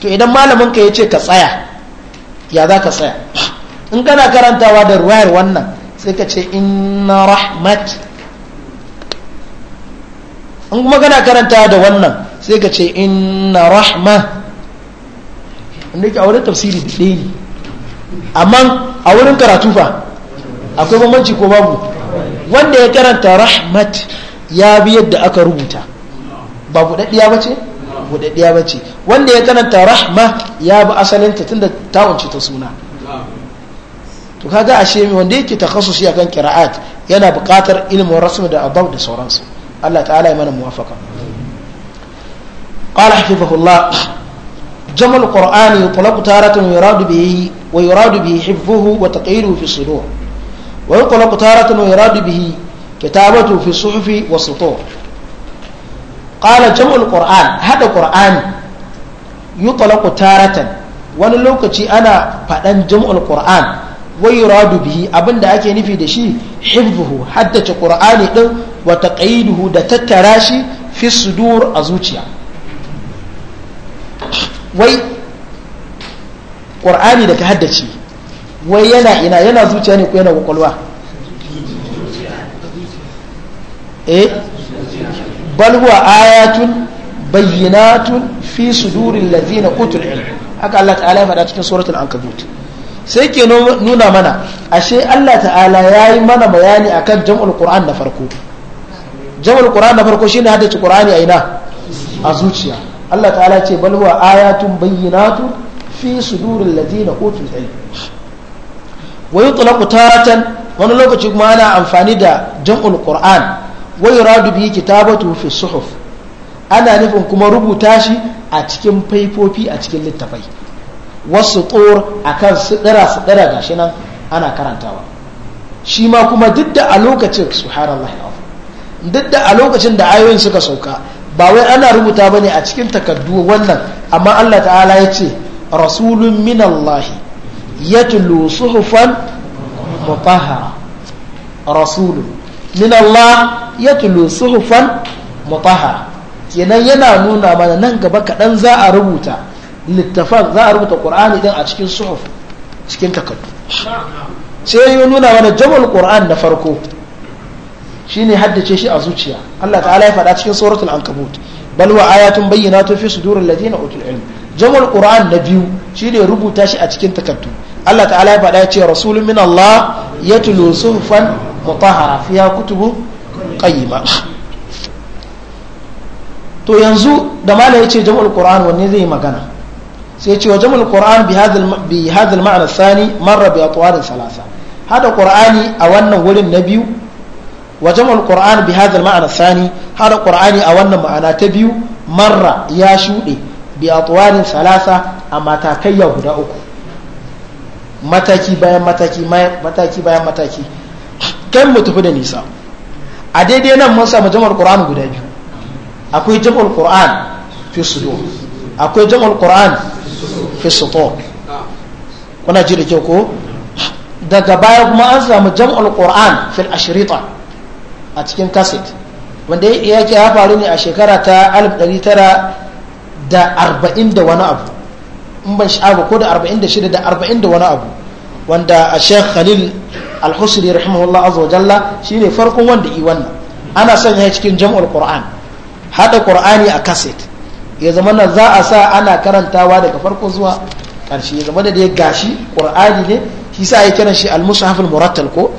to idan malamin ka yace ka tsaya ya za ka tsaya in kana karantawa da ruwayar wannan sai ka ce inna rahmat in kuma kana karantawa da wannan sai ka ce inna rahma inda yake a wurin tafsiri da ɗaya ne amma a wurin karatu fa akwai bambanci ko babu wanda ya karanta rahmat ya bi yadda aka rubuta ba buɗaɗɗiya ba wanda ya karanta rahma ya bi asalinta tunda tawance ta suna to kaga ashe mai wanda yake takhassusi akan qira'at yana buƙatar ilimin rasul da adab da sauransu Allah ta'ala ya mana muwafaqa qala hafizahullah jama alqur'ani yutlaqu taratan yuradu bihi wa yuradu bihi hifzuhu wa taqiruhu fi sudur wa yutlaqu taratan yuradu bihi kitabatu fi suhufi wa sutur Ƙara jam'ul qur'an hada qur'ani yutlaqu taratan wani lokaci ana faɗan jam'ul qur'an wai yuradu bihi abinda ake nufi da shi hifdhuhu haddace qur'ani din wa da tattara shi fi sudur a zuciya wai qur'ani da ka haddace wai yana ina yana zuciya ne ko yana kwakwalwa eh bal huwa ayatun bayyinatun fi sudurin lazina utul ilm haka Allah ta'ala ya faɗa cikin suratul ankabut sai ke nuna mana ashe Allah ta'ala ya yi mana bayani akan jam'ul qur'an na farko jam'ul qur'an na farko shine haddace qur'ani a ina a zuciya Allah ta'ala ce bal huwa ayatun bayyinatun fi sudurin lazina utul ilm wa yutlaqu taratan wani lokaci kuma ana amfani da jam'ul qur'an wa yuradu bihi kitabatu fi suhuf ana nufin kuma rubuta shi a cikin faifofi a cikin littattafai wasu tsor akan sidira sidira gashi nan ana karantawa shi ma kuma duk da a lokacin da ayoyin suka sauka ba wai ana rubuta bane a cikin takardu wannan amma Allah ta'ala ya ce rasulun minallahi yatlu suhufan mutahhara rasulun minallah yatlu suhufan mutahhara kenan yana nuna mana nan gaba kaɗan za a rubuta littafan za a rubuta ƙur'ani ɗin a cikin suhuf cikin takardu sai ya nuna mana jamal ƙur'an na farko shine haddace shi a zuciya Allah ta'ala ya faɗa cikin suratul ankabut bal wa ayatun ta fi suduril ladina utul ilm jamal ƙur'an na biyu shine rubuta shi a cikin takardu Allah ta'ala ya faɗa ya ce rasulun min Allah yatlu suhufan mutahhara fiha kutubun qayyima to yanzu da mala yace jama'ul qur'an wanne zai magana sai ce wa jama'ul qur'an bi hadal bi hadal ma'na thani marra bi atwarin salasa hada qur'ani a wannan wurin na biyu wa jama'ul qur'an bi hadal ma'na thani hada qur'ani a wannan ma'ana ta biyu marra ya shude bi atwarin salasa a matakai ya guda uku mataki bayan mataki mataki bayan mataki kan mu tafi da nisa a daidai nan mun samu jama'ar qur'an guda biyu akwai jama'ar qur'an fi sudur akwai jama'ar qur'an fi sutur kuna ji da kyau ko daga baya kuma an samu jam'ul qur'an fil ashrita a cikin kaset wanda yake ya faru ne a shekara ta 1940 da wani abu in ban sha'aba ko da 46 da 40 da wani abu wanda a sheikh khalil al husri rahimahullah azza jalla shine farkon wanda yi wannan ana sanya cikin jam'ul qur'an hada qur'ani a cassette ya zama nan za a sa ana karantawa daga farko zuwa karshe ya zama da dai gashi qur'ani ne shi sa ya kiran shi al-mushaf al-murattal ko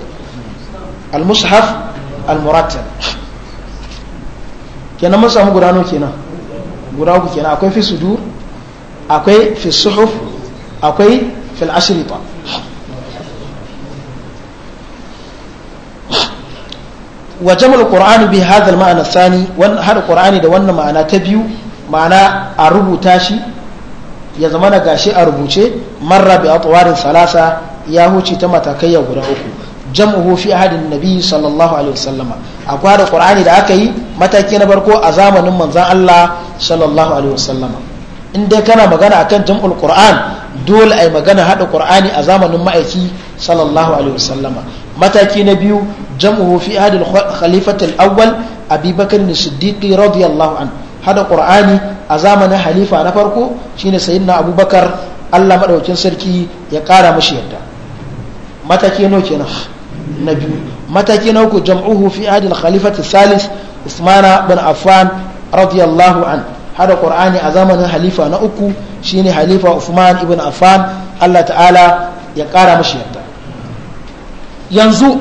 al-mushaf al-murattal kenan mun samu guda kenan guda uku kenan akwai fi sudur akwai fi suhuf akwai fil ashrita Wajen jamal qur'anu bi hadha ma'ana sani har hada da wannan ma'ana ta biyu ma'ana a rubuta shi ya zama na gashi a rubuce marra bi atwarin salasa ya huce ta matakai ya guda uku jam'uhu fi ahadin nabi sallallahu alaihi wasallam akwai da qur'ani da aka yi mataki na farko a zamanin manzon Allah sallallahu alaihi wasallam in dai kana magana akan jam'ul qur'an dole ai magana hada qur'ani a zamanin ma'aiki sallallahu alaihi wasallama mataki na biyu jam'uhu fi ahad al-khalifat awwal abi bakr as-siddiq radiyallahu an hada qur'ani a zamanin halifa na farko shine sayyidina abubakar Allah madaukin sarki ya kara mashi yadda mataki na kenan na biyu mataki na uku jam'uhu fi ahad al-khalifat al-thalith usmana bin affan radiyallahu an hada qur'ani a zamanin halifa na uku shine halifa Uthman ibn Affan Allah ta'ala ya kara mashi yarda yanzu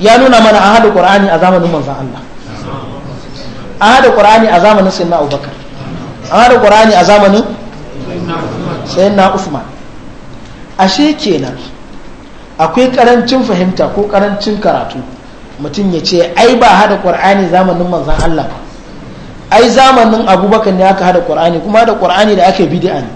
ya nuna mana an hada Qur'ani a zamanin manzan Allah an hada Qur'ani a zamanin Sayyidina Abubakar an hada Qur'ani a zamanin Sayyidina Uthman ashe kenan akwai karancin fahimta ko karancin karatu mutum ya ce ai ba hada Qur'ani zamanin manzan Allah ba ai zamanin abubakar ne aka hada qur'ani kuma da qur'ani da ake bid'a ne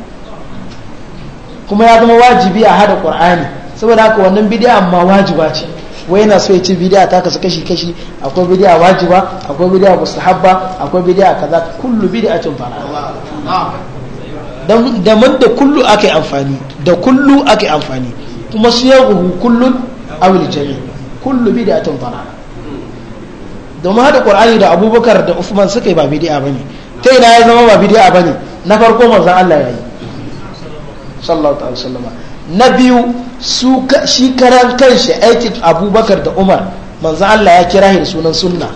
kuma ya zama wajibi a hada qur'ani saboda haka wannan bid'a ma wajiba ce wai yana so ya ci bid'a ta kasu kashi kashi akwai bid'a wajiba akwai bid'a mustahabba akwai bid'a kaza kullu bid'atin fara dan da man da kullu ake amfani da kullu ake amfani kuma su yaguhu kullun awil jami' kullu bid'atin fara domin haɗa qur'ani da abubakar da usman suka yi ba ba bane ta ina ya zama ba ba bane na farko manzon Allah ya yi sallallahu ta'ala sallama na biyu su shi karan kanshi aikin abubakar da umar manzon Allah ya kira shi da sunan sunna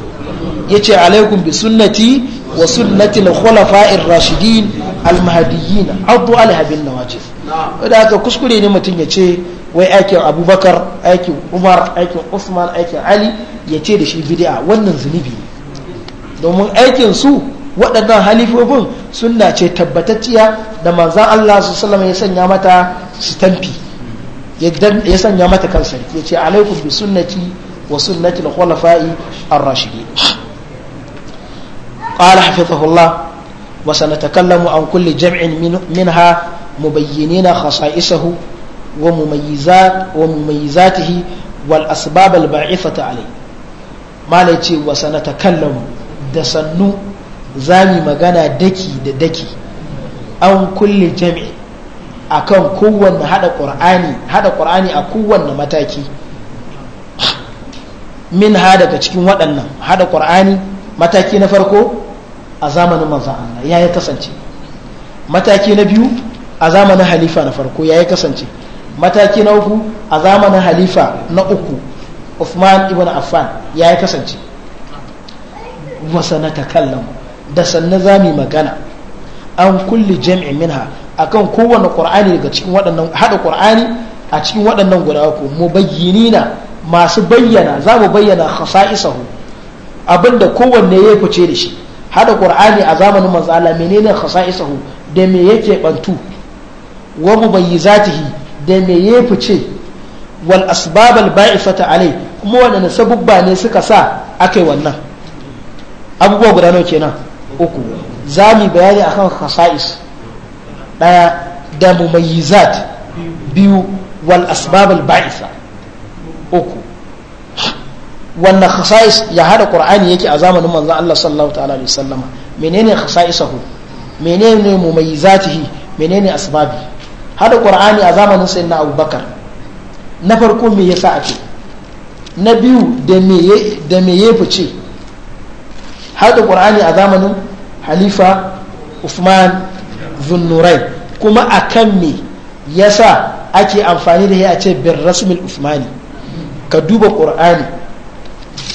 ce alaikum bi sunnati wa sunnati al-khulafa'ir rashidin al-mahdiyyin addu na wace. da haka kuskure ne mutum ya ce wai aikin abubakar aikin umar aikin usman aikin ali ya ce da shi bid'a wannan zunubi domin aikin su waɗannan halifofin sunna ce tabbatacciya da manzan Allah su salama ya sanya mata sitamfi ya sanya mata kansa ya ce alaikum bi sunnati wa sunnati da kwalafa'i an rashidi ƙara hafizahullah wa sanatakallamu an kulle jam'in minha mubayyinina khasa'isahu wa mumayyizatihi wal asbab al ba'ifata alayhi malai ce wa sanata kallon da sannu za mu magana daki da daki an kulle a akan kowanne hada ƙur'ani hada qur'ani a kowanne mataki min ha daga cikin waɗannan hada ƙur'ani mataki na farko a zamanin manzan Allah ya ya kasance mataki na biyu a zamanin halifa na farko ya yi kasance mataki na uku a zamanin halifa na uku Uthman ibn Affan ya yi kasance wasana kallon da sanna za mu magana an kulli jam'in minha akan kowane qur'ani daga cikin waɗannan hada qur'ani a cikin waɗannan guda uku mubayyinina masu bayyana za mu bayyana khasa'isahu abinda kowanne ya fice da shi hada qur'ani a zamanin manzo Allah menene khasa'isahu da me yake bantu wa mubayyizatihi da me ya fice wal asbabal al ba'ifata alai kuma waɗanda sabubba ne suka sa aka yi wannan abubuwa guda nawa kenan uku za mu bayani akan khasa'is ɗaya da mumayyizat biyu wal asbab al ba'isa uku wannan khasa'is ya hada qur'ani yake a zamanin manzon Allah sallallahu ta'ala alaihi wasallama menene khasa'isahu menene mumayyizatihi menene asbabi hada qur'ani a zamanin sayyidina Abubakar na farko me yasa ake na biyu da me ya fice haɗa ƙur'ani a zamanin halifa usman zunnurai kuma a kan me yasa ake amfani da ya a ce bin rasmin usmani ka duba ƙur'ani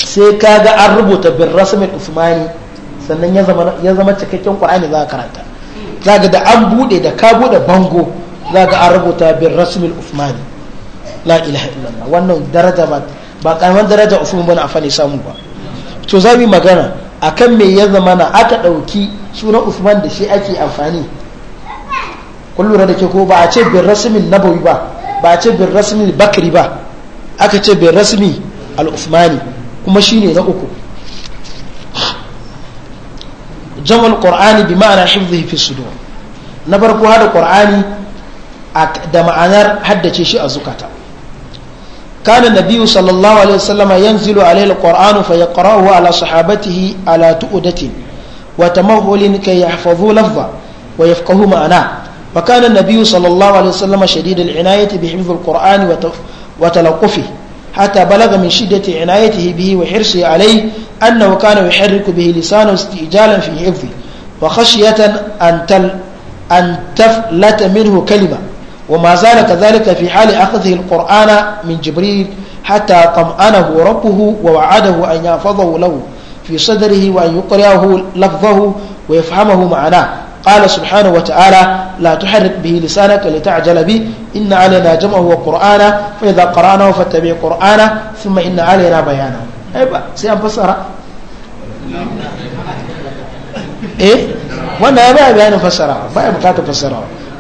sai ka ga an rubuta bin rasmin usmani sannan ya zama cikakken ƙur'ani za a karanta za ga da an buɗe da ka buɗe bango za ga an rubuta bin rasmin usmani la ilaha wannan daraja ba ba karamar daraja usman bin a ya samu ba to za mu magana akan me ya zama na aka ɗauki sunan usman da shi ake amfani kun lura da ke ko ba a ce bin rasmin nabawi ba ba a ce bin rasmin bakri ba aka ce bin rasmi al-usmani kuma shine na uku jamal qur'ani bi ma'ana hifzihi fi sudur na farko hada qur'ani da ma'anar haddace shi a zukata كان النبي صلى الله عليه وسلم ينزل عليه القرآن فيقرأه على صحابته على تؤدة وتمهل كي يحفظوا لفظه ويفقهوا معناه وكان النبي صلى الله عليه وسلم شديد العناية بحفظ القرآن وتلقفه حتى بلغ من شدة عنايته به وحرصه عليه أنه كان يحرك به لسانه استئجالا في حفظه وخشية أن, تل أن تفلت منه كلمة وما زال كذلك في حال أخذه القرآن من جبريل حتى طمأنه ربه ووعده أن يحفظه له في صدره وأن يقرأه لفظه ويفهمه معناه قال سبحانه وتعالى لا تحرك به لسانك لتعجل به إن علينا جمعه وقرآن فإذا قرأناه فاتبع قرآن ثم إن علينا بيانه أيبا أيوة، سيان فسر إيه وانا بقى بيان فسر بقى بقى فسر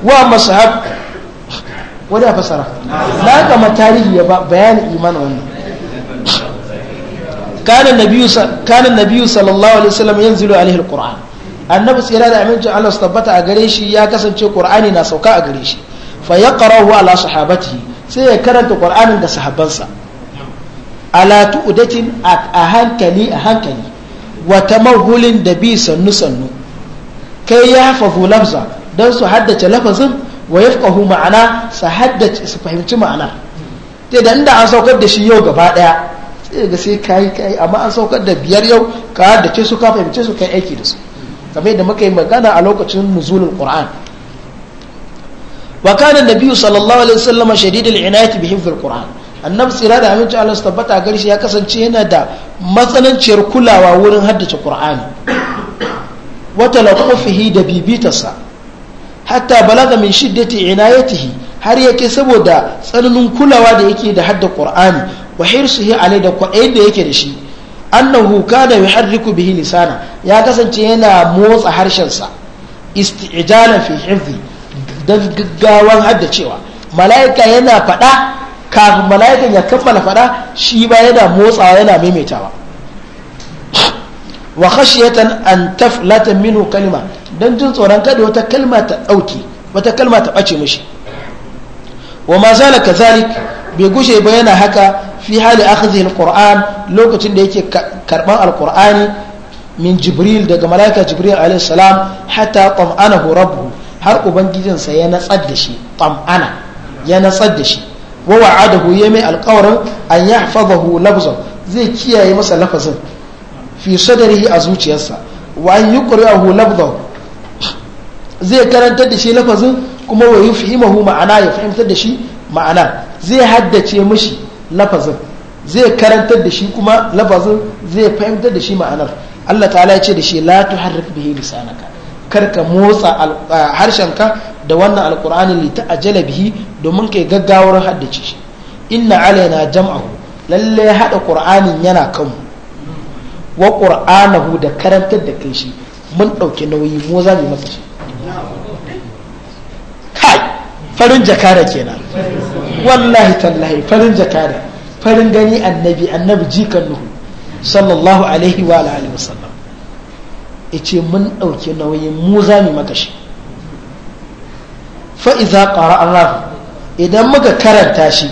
وأما صحاب ko fasara na kama tarihi ya bayani imanin wannan kana nabiyu sallallahu alaihi wasallam yanzilu alaihi alquran annabi tsira da amincin Allah su tabbata a gare shi ya kasance qur'ani na sauka a gare shi fa yaqra'u ala sahabatihi sai ya karanta qur'anin da sahabbansa ala tu'datin a hankali a hankali wa tamawulin da bi sannu sannu kai ya hafafu lafza dan su haddace lafazin wa yafqahu ma'ana su haddace su fahimci ma'ana sai da inda an saukar da shi yau gaba daya sai ga sai kai kai amma an saukar da biyar yau ka haddace su ka fahimce su kai aiki da su kamar yadda muka yi magana a lokacin nuzulul qur'an wa kana nabiyyu sallallahu alaihi wasallam shadidul inayati bi hifdhil qur'an annabi tsira da aminci Allah su tabbata gari shi ya kasance yana da matsananciyar kulawa wurin haddace qur'ani wata laqufihi da bibitarsa hatta balaga min shiddati inayatihi har yake saboda tsananin kulawa da yake da hadda qur'ani wa hirsuhi alai da kwaɗayin da yake da shi annahu kana yuharriku bihi lisana ya kasance yana motsa harshen sa isti'jalan fi hifzi da gaggawan cewa mala'ika yana faɗa kafin mala'ikan ya kammala faɗa shi ba yana motsawa yana maimaitawa wa khashiyatan an taflata minhu kalima dan jin tsoron kada wata kalma ta dauke wata kalma ta bace mishi wa ma zala kazalik bai gushe ba yana haka fi hali akhdhi alquran lokacin da yake karban alqurani min jibril daga malaika jibril alaihi salam hatta qam'anahu rabbuhu har ubangijinsa ya natsar da shi qam'ana ya natsar da shi wa wa'adahu yami alqawran an yahfazahu labza zai kiyaye masa lafazin fi sadarihi a zuciyarsa wa an yuqri'ahu lafdhahu zai karantar da shi lafazin kuma wa ma'ana ya fahimtar da shi ma'ana zai haddace mashi lafazin zai karantar da shi kuma lafazin zai fahimtar da shi ma'anar Allah ta'ala ya ce da shi la tuharrik bihi lisanaka karka motsa harshenka da wannan alqur'ani li ta'jala bihi domin kai gaggawar haddace shi inna alaina jam'ahu lalle haɗa qur'anin yana kanmu wa qur'anahu da karantar da kai shi mun ɗauki nauyi mu za mu maka shi kai farin jakara kenan wallahi tallahi farin jakara farin gani annabi annabi jikan nuhu sallallahu alaihi wa alihi wasallam yace mun ɗauki nauyi mu za mu maka shi fa idza qara'nahu idan muka karanta shi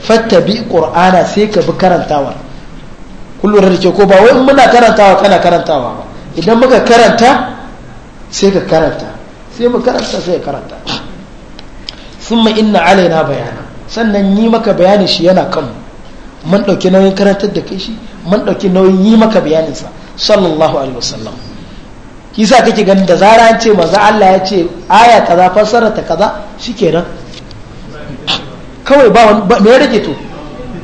fattabi qur'ana sai ka bi karantawar. kullum da ke ko ba wai muna karantawa kana karantawa ba idan muka karanta sai ka karanta sai mu karanta sai ka karanta sun ma inna alaina bayana sannan yi maka bayani shi yana kan mun ɗauki nauyin karantar da kai shi mun ɗauki nauyin yi maka bayaninsa sallallahu alaihi wasallam kisa kake ganin da zara an ce maza Allah ya ce aya kaza fassara ta kaza shikenan kawai ba wani me rage to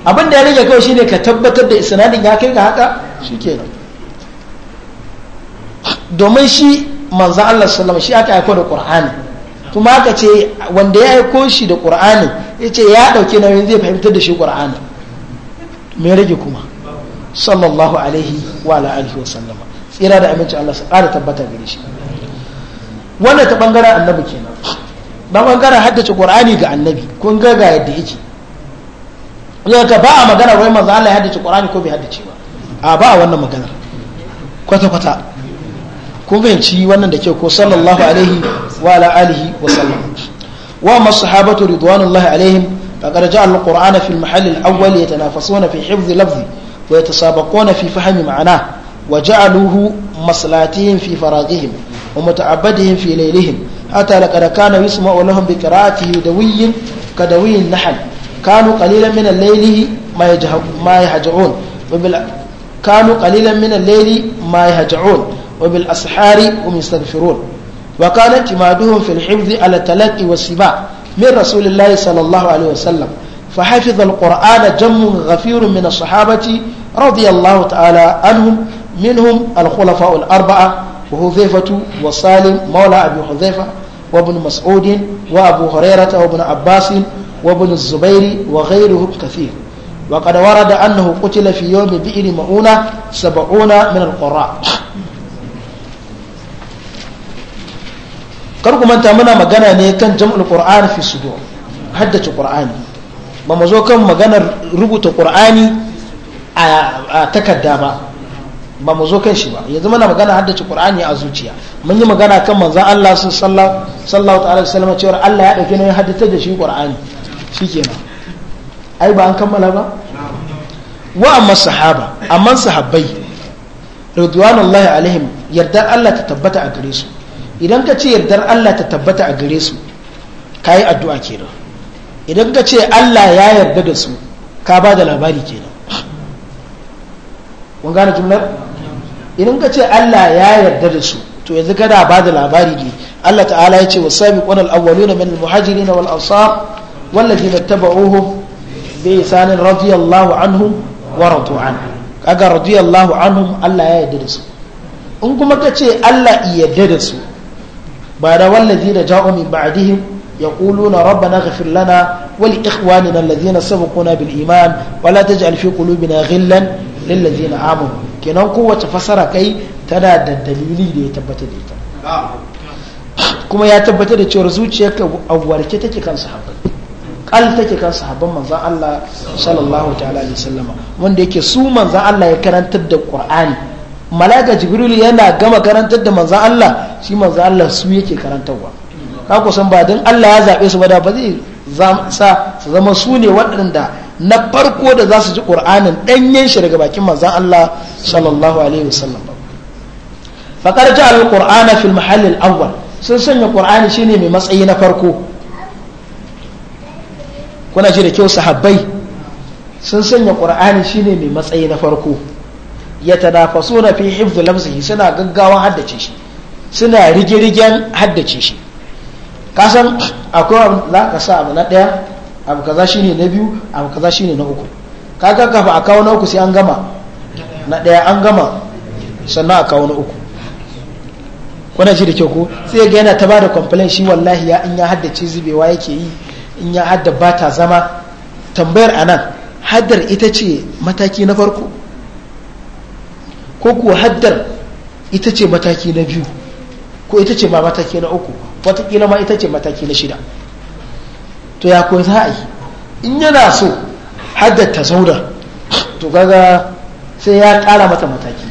abin da ya rage kawai shine ka tabbatar da isnadin ya kai ga haka shikenan domin shi manzo Allah sallama shi aka aiko da Qur'ani kuma aka ce wanda ya aiko shi da Qur'ani yace ya dauke yanzu zai fahimtar da shi Qur'ani me rage kuma sallallahu alaihi wa ala alihi wa sallama tsira da aminci Allah sa ƙara tabbata gare shi wannan ta bangaren annabi kenan ba bangaren haddace Qur'ani ga annabi kun ga ga yadda yake ka ba a magana wai manzo Allah ya haddace Qur'ani ko bai haddace ba a ba a wannan maganar kwata kwata kun fahimci wannan da ke ko sallallahu alaihi wa ala alihi wa sallam wa ma sahabatu ridwanullahi alaihim faqad ja'a al-Qur'ana fi al-mahall al-awwal yatanafasuna fi hifdh lafzi wa yatasabaquna fi fahmi ma'ana وجعلوه مصلاتهم في فراغهم ومتعبدهم في ليلهم حتى لقد كان يسمع لهم بقراءته دوي كدوي النحل kanu qalilan min al ma yahja'un wa bil kanu qalilan min al-layli ma yahja'un wa bil ashari hum yastaghfirun wa kana timaduhum fil hifdhi ala talaqi wasiba min rasulillahi sallallahu alaihi wasallam فحفظ القرآن جم غفير من الصحابة رضي الله تعالى عنهم منهم الخلفاء الأربعة وحذيفة وسالم مولى أبي mas'udin وابن مسعود وأبو هريرة وابن عباس وابن الزبير وغيره الكثير وقد ورد أنه قتل في يوم بئر مؤونة سبعون من القراء karku manta muna magana ne kan jam'ul qur'an fi sudur haddace qur'ani ba mu zo kan maganar rubuta a takarda ba ba mu zo kan shi ba yanzu muna magana haddace qur'ani a zuciya mun yi magana kan manzon Allah sallallahu ta'ala alaihi wasallam cewa Allah ya dauke ne haddace da shi qur'ani shikenan ai ba an kammala ba wa amma sahaba amma sahabbai radwanullahi alaihim yardar Allah ta tabbata a gare su idan ka ce yardar Allah ta tabbata a gare su ka yi addu'a kenan idan ka ce Allah ya yarda da su ka ba da labari kenan kun gane jumlar idan ka ce Allah ya yarda da su to yanzu kada ba da labari ne Allah ta'ala ya ce wa sabiqun al-awwaluna min al-muhajirin wal ansar والذين اتبعوه بإحسان رضي الله عنهم ورضوا عنه kaga radiyallahu anhum Allah ya kuma ka ce Allah ya yarda da su ba da wallazina ja'u min ba'dihim yaquluna rabbana ighfir lana wa li ikhwanina alladhina sabaquna bil iman wa la taj'al fi qulubina ghillan amanu kenan kowace fasara kai da tabbata da kuma ya tabbata da cewa zuciyarka a warke take kan kal take kan sahabban manzan Allah sallallahu ta'ala alaihi wasallama wanda yake su manzan Allah ya karantar da Qur'ani malaka jibril yana gama karantar da manzan Allah shi manzan Allah su yake karantarwa ka ku san ba dan Allah ya zaɓe su ba da ba zai sa su zama su ne waɗanda na farko da za su ji ƙur'anin ɗanyen shi daga bakin manzan Allah sallallahu alaihi wasallam faƙar ji al-ƙur'ana fil mahallil awwal sun sanya ƙur'ani shine mai matsayi na farko kuna ji da kyau sahabbai sun sanya qur'ani shine mai matsayi na farko ya tanafasuna fi hifz lafzihi suna gaggawa haddace shi suna rigirigen haddace shi kasan akwai abu za ka sa abu na ɗaya abu kaza shine na biyu abu kaza shine na uku ka gaggafa a kawo na uku sai an gama na ɗaya an gama sannan a kawo na uku kuna ji da kyau ko sai ga yana ta bada complain shi wallahi ya in ya haddace zubewa yake yi in ya hadda ba ta zama tambayar anan haddar ita ce mataki na farko ko kuwa haddar ita ce mataki na biyu ko ita ce ma mataki na uku watakila ma ita ce mataki na shida to ya kuwa za a yi in yana so haddar ta zauna to gaga sai ya ƙara mata mataki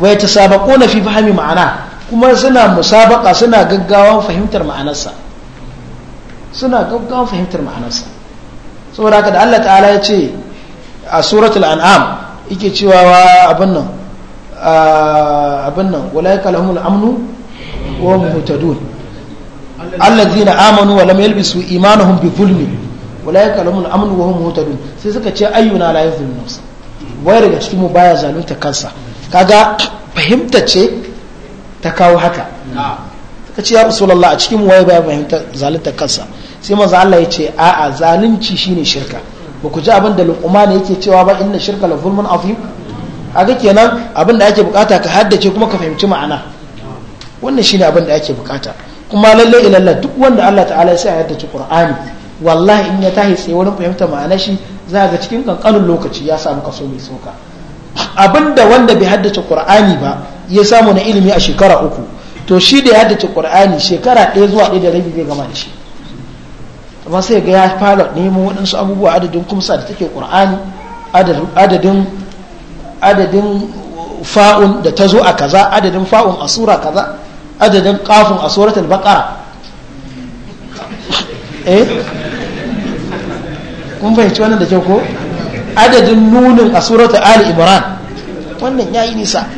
wai ta saba na fi fahimi ma'ana kuma suna musabaka suna gaggawan fahimtar ma'anarsa suna gaggawan fahimtar ma'anarsa saboda haka da Allah ta'ala ya ce a suratul an'am yake cewa wa abin nan abin nan walaika lahumul amnu wa muhtadun alladhina amanu wa lam yalbisu imanuhum bi zulmin walaika lahumul amnu wa hum muhtadun sai suka ce ayyuna la yazlimu nafsa wai daga cikin mu baya zalunta kansa kaga fahimta ce ta kawo haka ta ce ya rasulallah a cikin waye bayan fahimta zalunta kansa sai maza Allah ya ce a'a zalunci shine shirka ba ku ji abin da luqman yake cewa ba inna shirka la zulmun azim ga kenan abin da ake bukata ka haddace kuma ka fahimci ma'ana wannan shine abin da ake bukata kuma lalle ilalla duk wanda Allah ta'ala ya sa ya haddace qur'ani wallahi in ya tahi tsaye wurin fahimta ma'ana shi za ga cikin kankanin lokaci ya samu kaso mai soka abinda wanda bai haddace qur'ani ba ya samu na ilimi a shekara uku to shi da ya haddace qur'ani shekara ɗaya zuwa ɗaya da rabi zai gama da shi amma sai ga ya fara nemo waɗansu abubuwa adadin kumsa da take qur'ani adadin adadin fa'un da ta zo a kaza adadin fa'un a sura kaza adadin kafin a suratul baqara eh kun fahimci wannan da kyau ko adadin nunin a surat ali imran wannan yayi nisa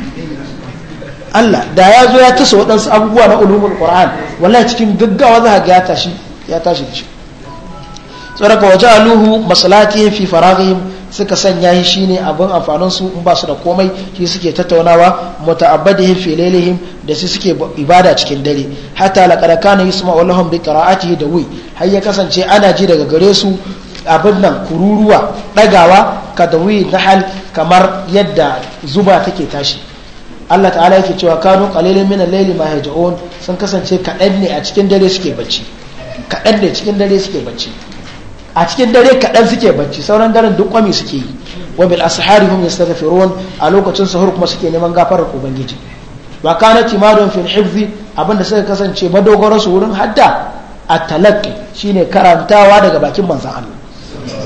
Allah da ya zo ya tasa waɗansu abubuwa na ulumul qur'an wallahi cikin gaggawa za ga ya tashi da shi ka waje aluhu masalatihim fi faragihim suka sanya shi shine abin amfanin su in ba su da komai shi suke tattaunawa ya fi lailihim da su suke ibada cikin dare hatta laqad kana yusma'u lahum bi qira'atihi da wi har ya kasance ana ji daga gare su abin nan kururuwa dagawa ka da wi nahal kamar yadda zuba take tashi Allah ta'ala yake cewa kanu qalilan min al-layli ma yaj'un sun kasance kaɗan ne a cikin dare suke bacci kadan ne cikin dare suke bacci a cikin dare kadan suke bacci sauran daren duk kwami suke yi wa bil ashari hum yastaghfirun a lokacin sahur kuma suke neman gafarar ubangiji wa kana timadun fil hifzi abinda suka kasance madogaro su wurin hadda at-talaqqi shine karantawa daga bakin manzon Allah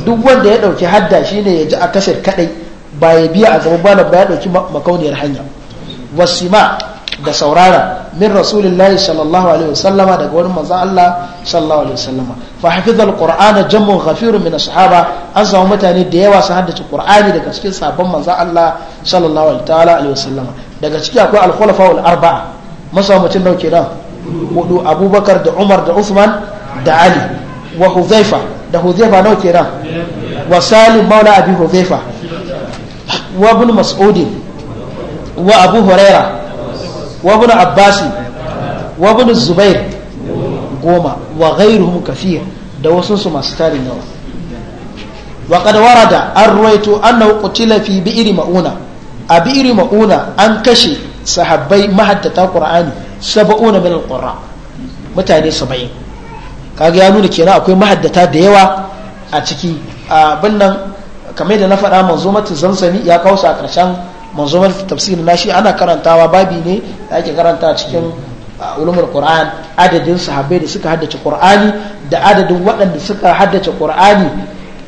duk wanda ya dauki hadda shine ya ji a kasar kadai ba ya biya a gaban ba ya dauki makauniyar hanya wasima da saurara min rasulillahi sallallahu alaihi wasallama daga wani manzon Allah sallallahu alaihi wasallama fa hafizal qur'ana jammun ghafirun min ashaba an zama mutane da yawa su haddace qur'ani daga cikin sabon manzon Allah sallallahu alaihi wasallama daga ciki akwai al-khulafa wal arba'a masa mutum dauke da hudu abubakar da umar da usman da ali wa huzaifa da huzaifa nauke da wa salim maula abi huzaifa wa ibn mas'udin وأبو هريرة وابن عباس وابن الزبير قوما وغيرهم كثير دوسوس ما ستارين وقد ورد الرويت أنه قتل في بئر مؤونة أبئر مؤونة أنكشي sahabbai mahaddata qur'ani saba'una min alqurra mutane 70 kaga ya nuna kenan akwai mahaddata da yawa a ciki abin nan kamar da na faɗa manzo mata zansani ya kawo su a ƙarshen manzumar tafsir na shi ana karantawa babi ne da ake karanta cikin ulumul qur'an adadin sahabbai da suka haddace qur'ani da adadin waɗanda suka haddace qur'ani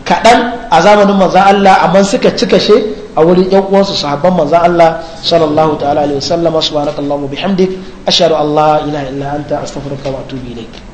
kaɗan a zamanin manzan Allah amma suka cika she a wurin yan uwansu sahabban manzan Allah sallallahu ta'ala alaihi wasallama subhanakallahumma bihamdik ashhadu an la ilaha illa anta astaghfiruka wa atubu ilaik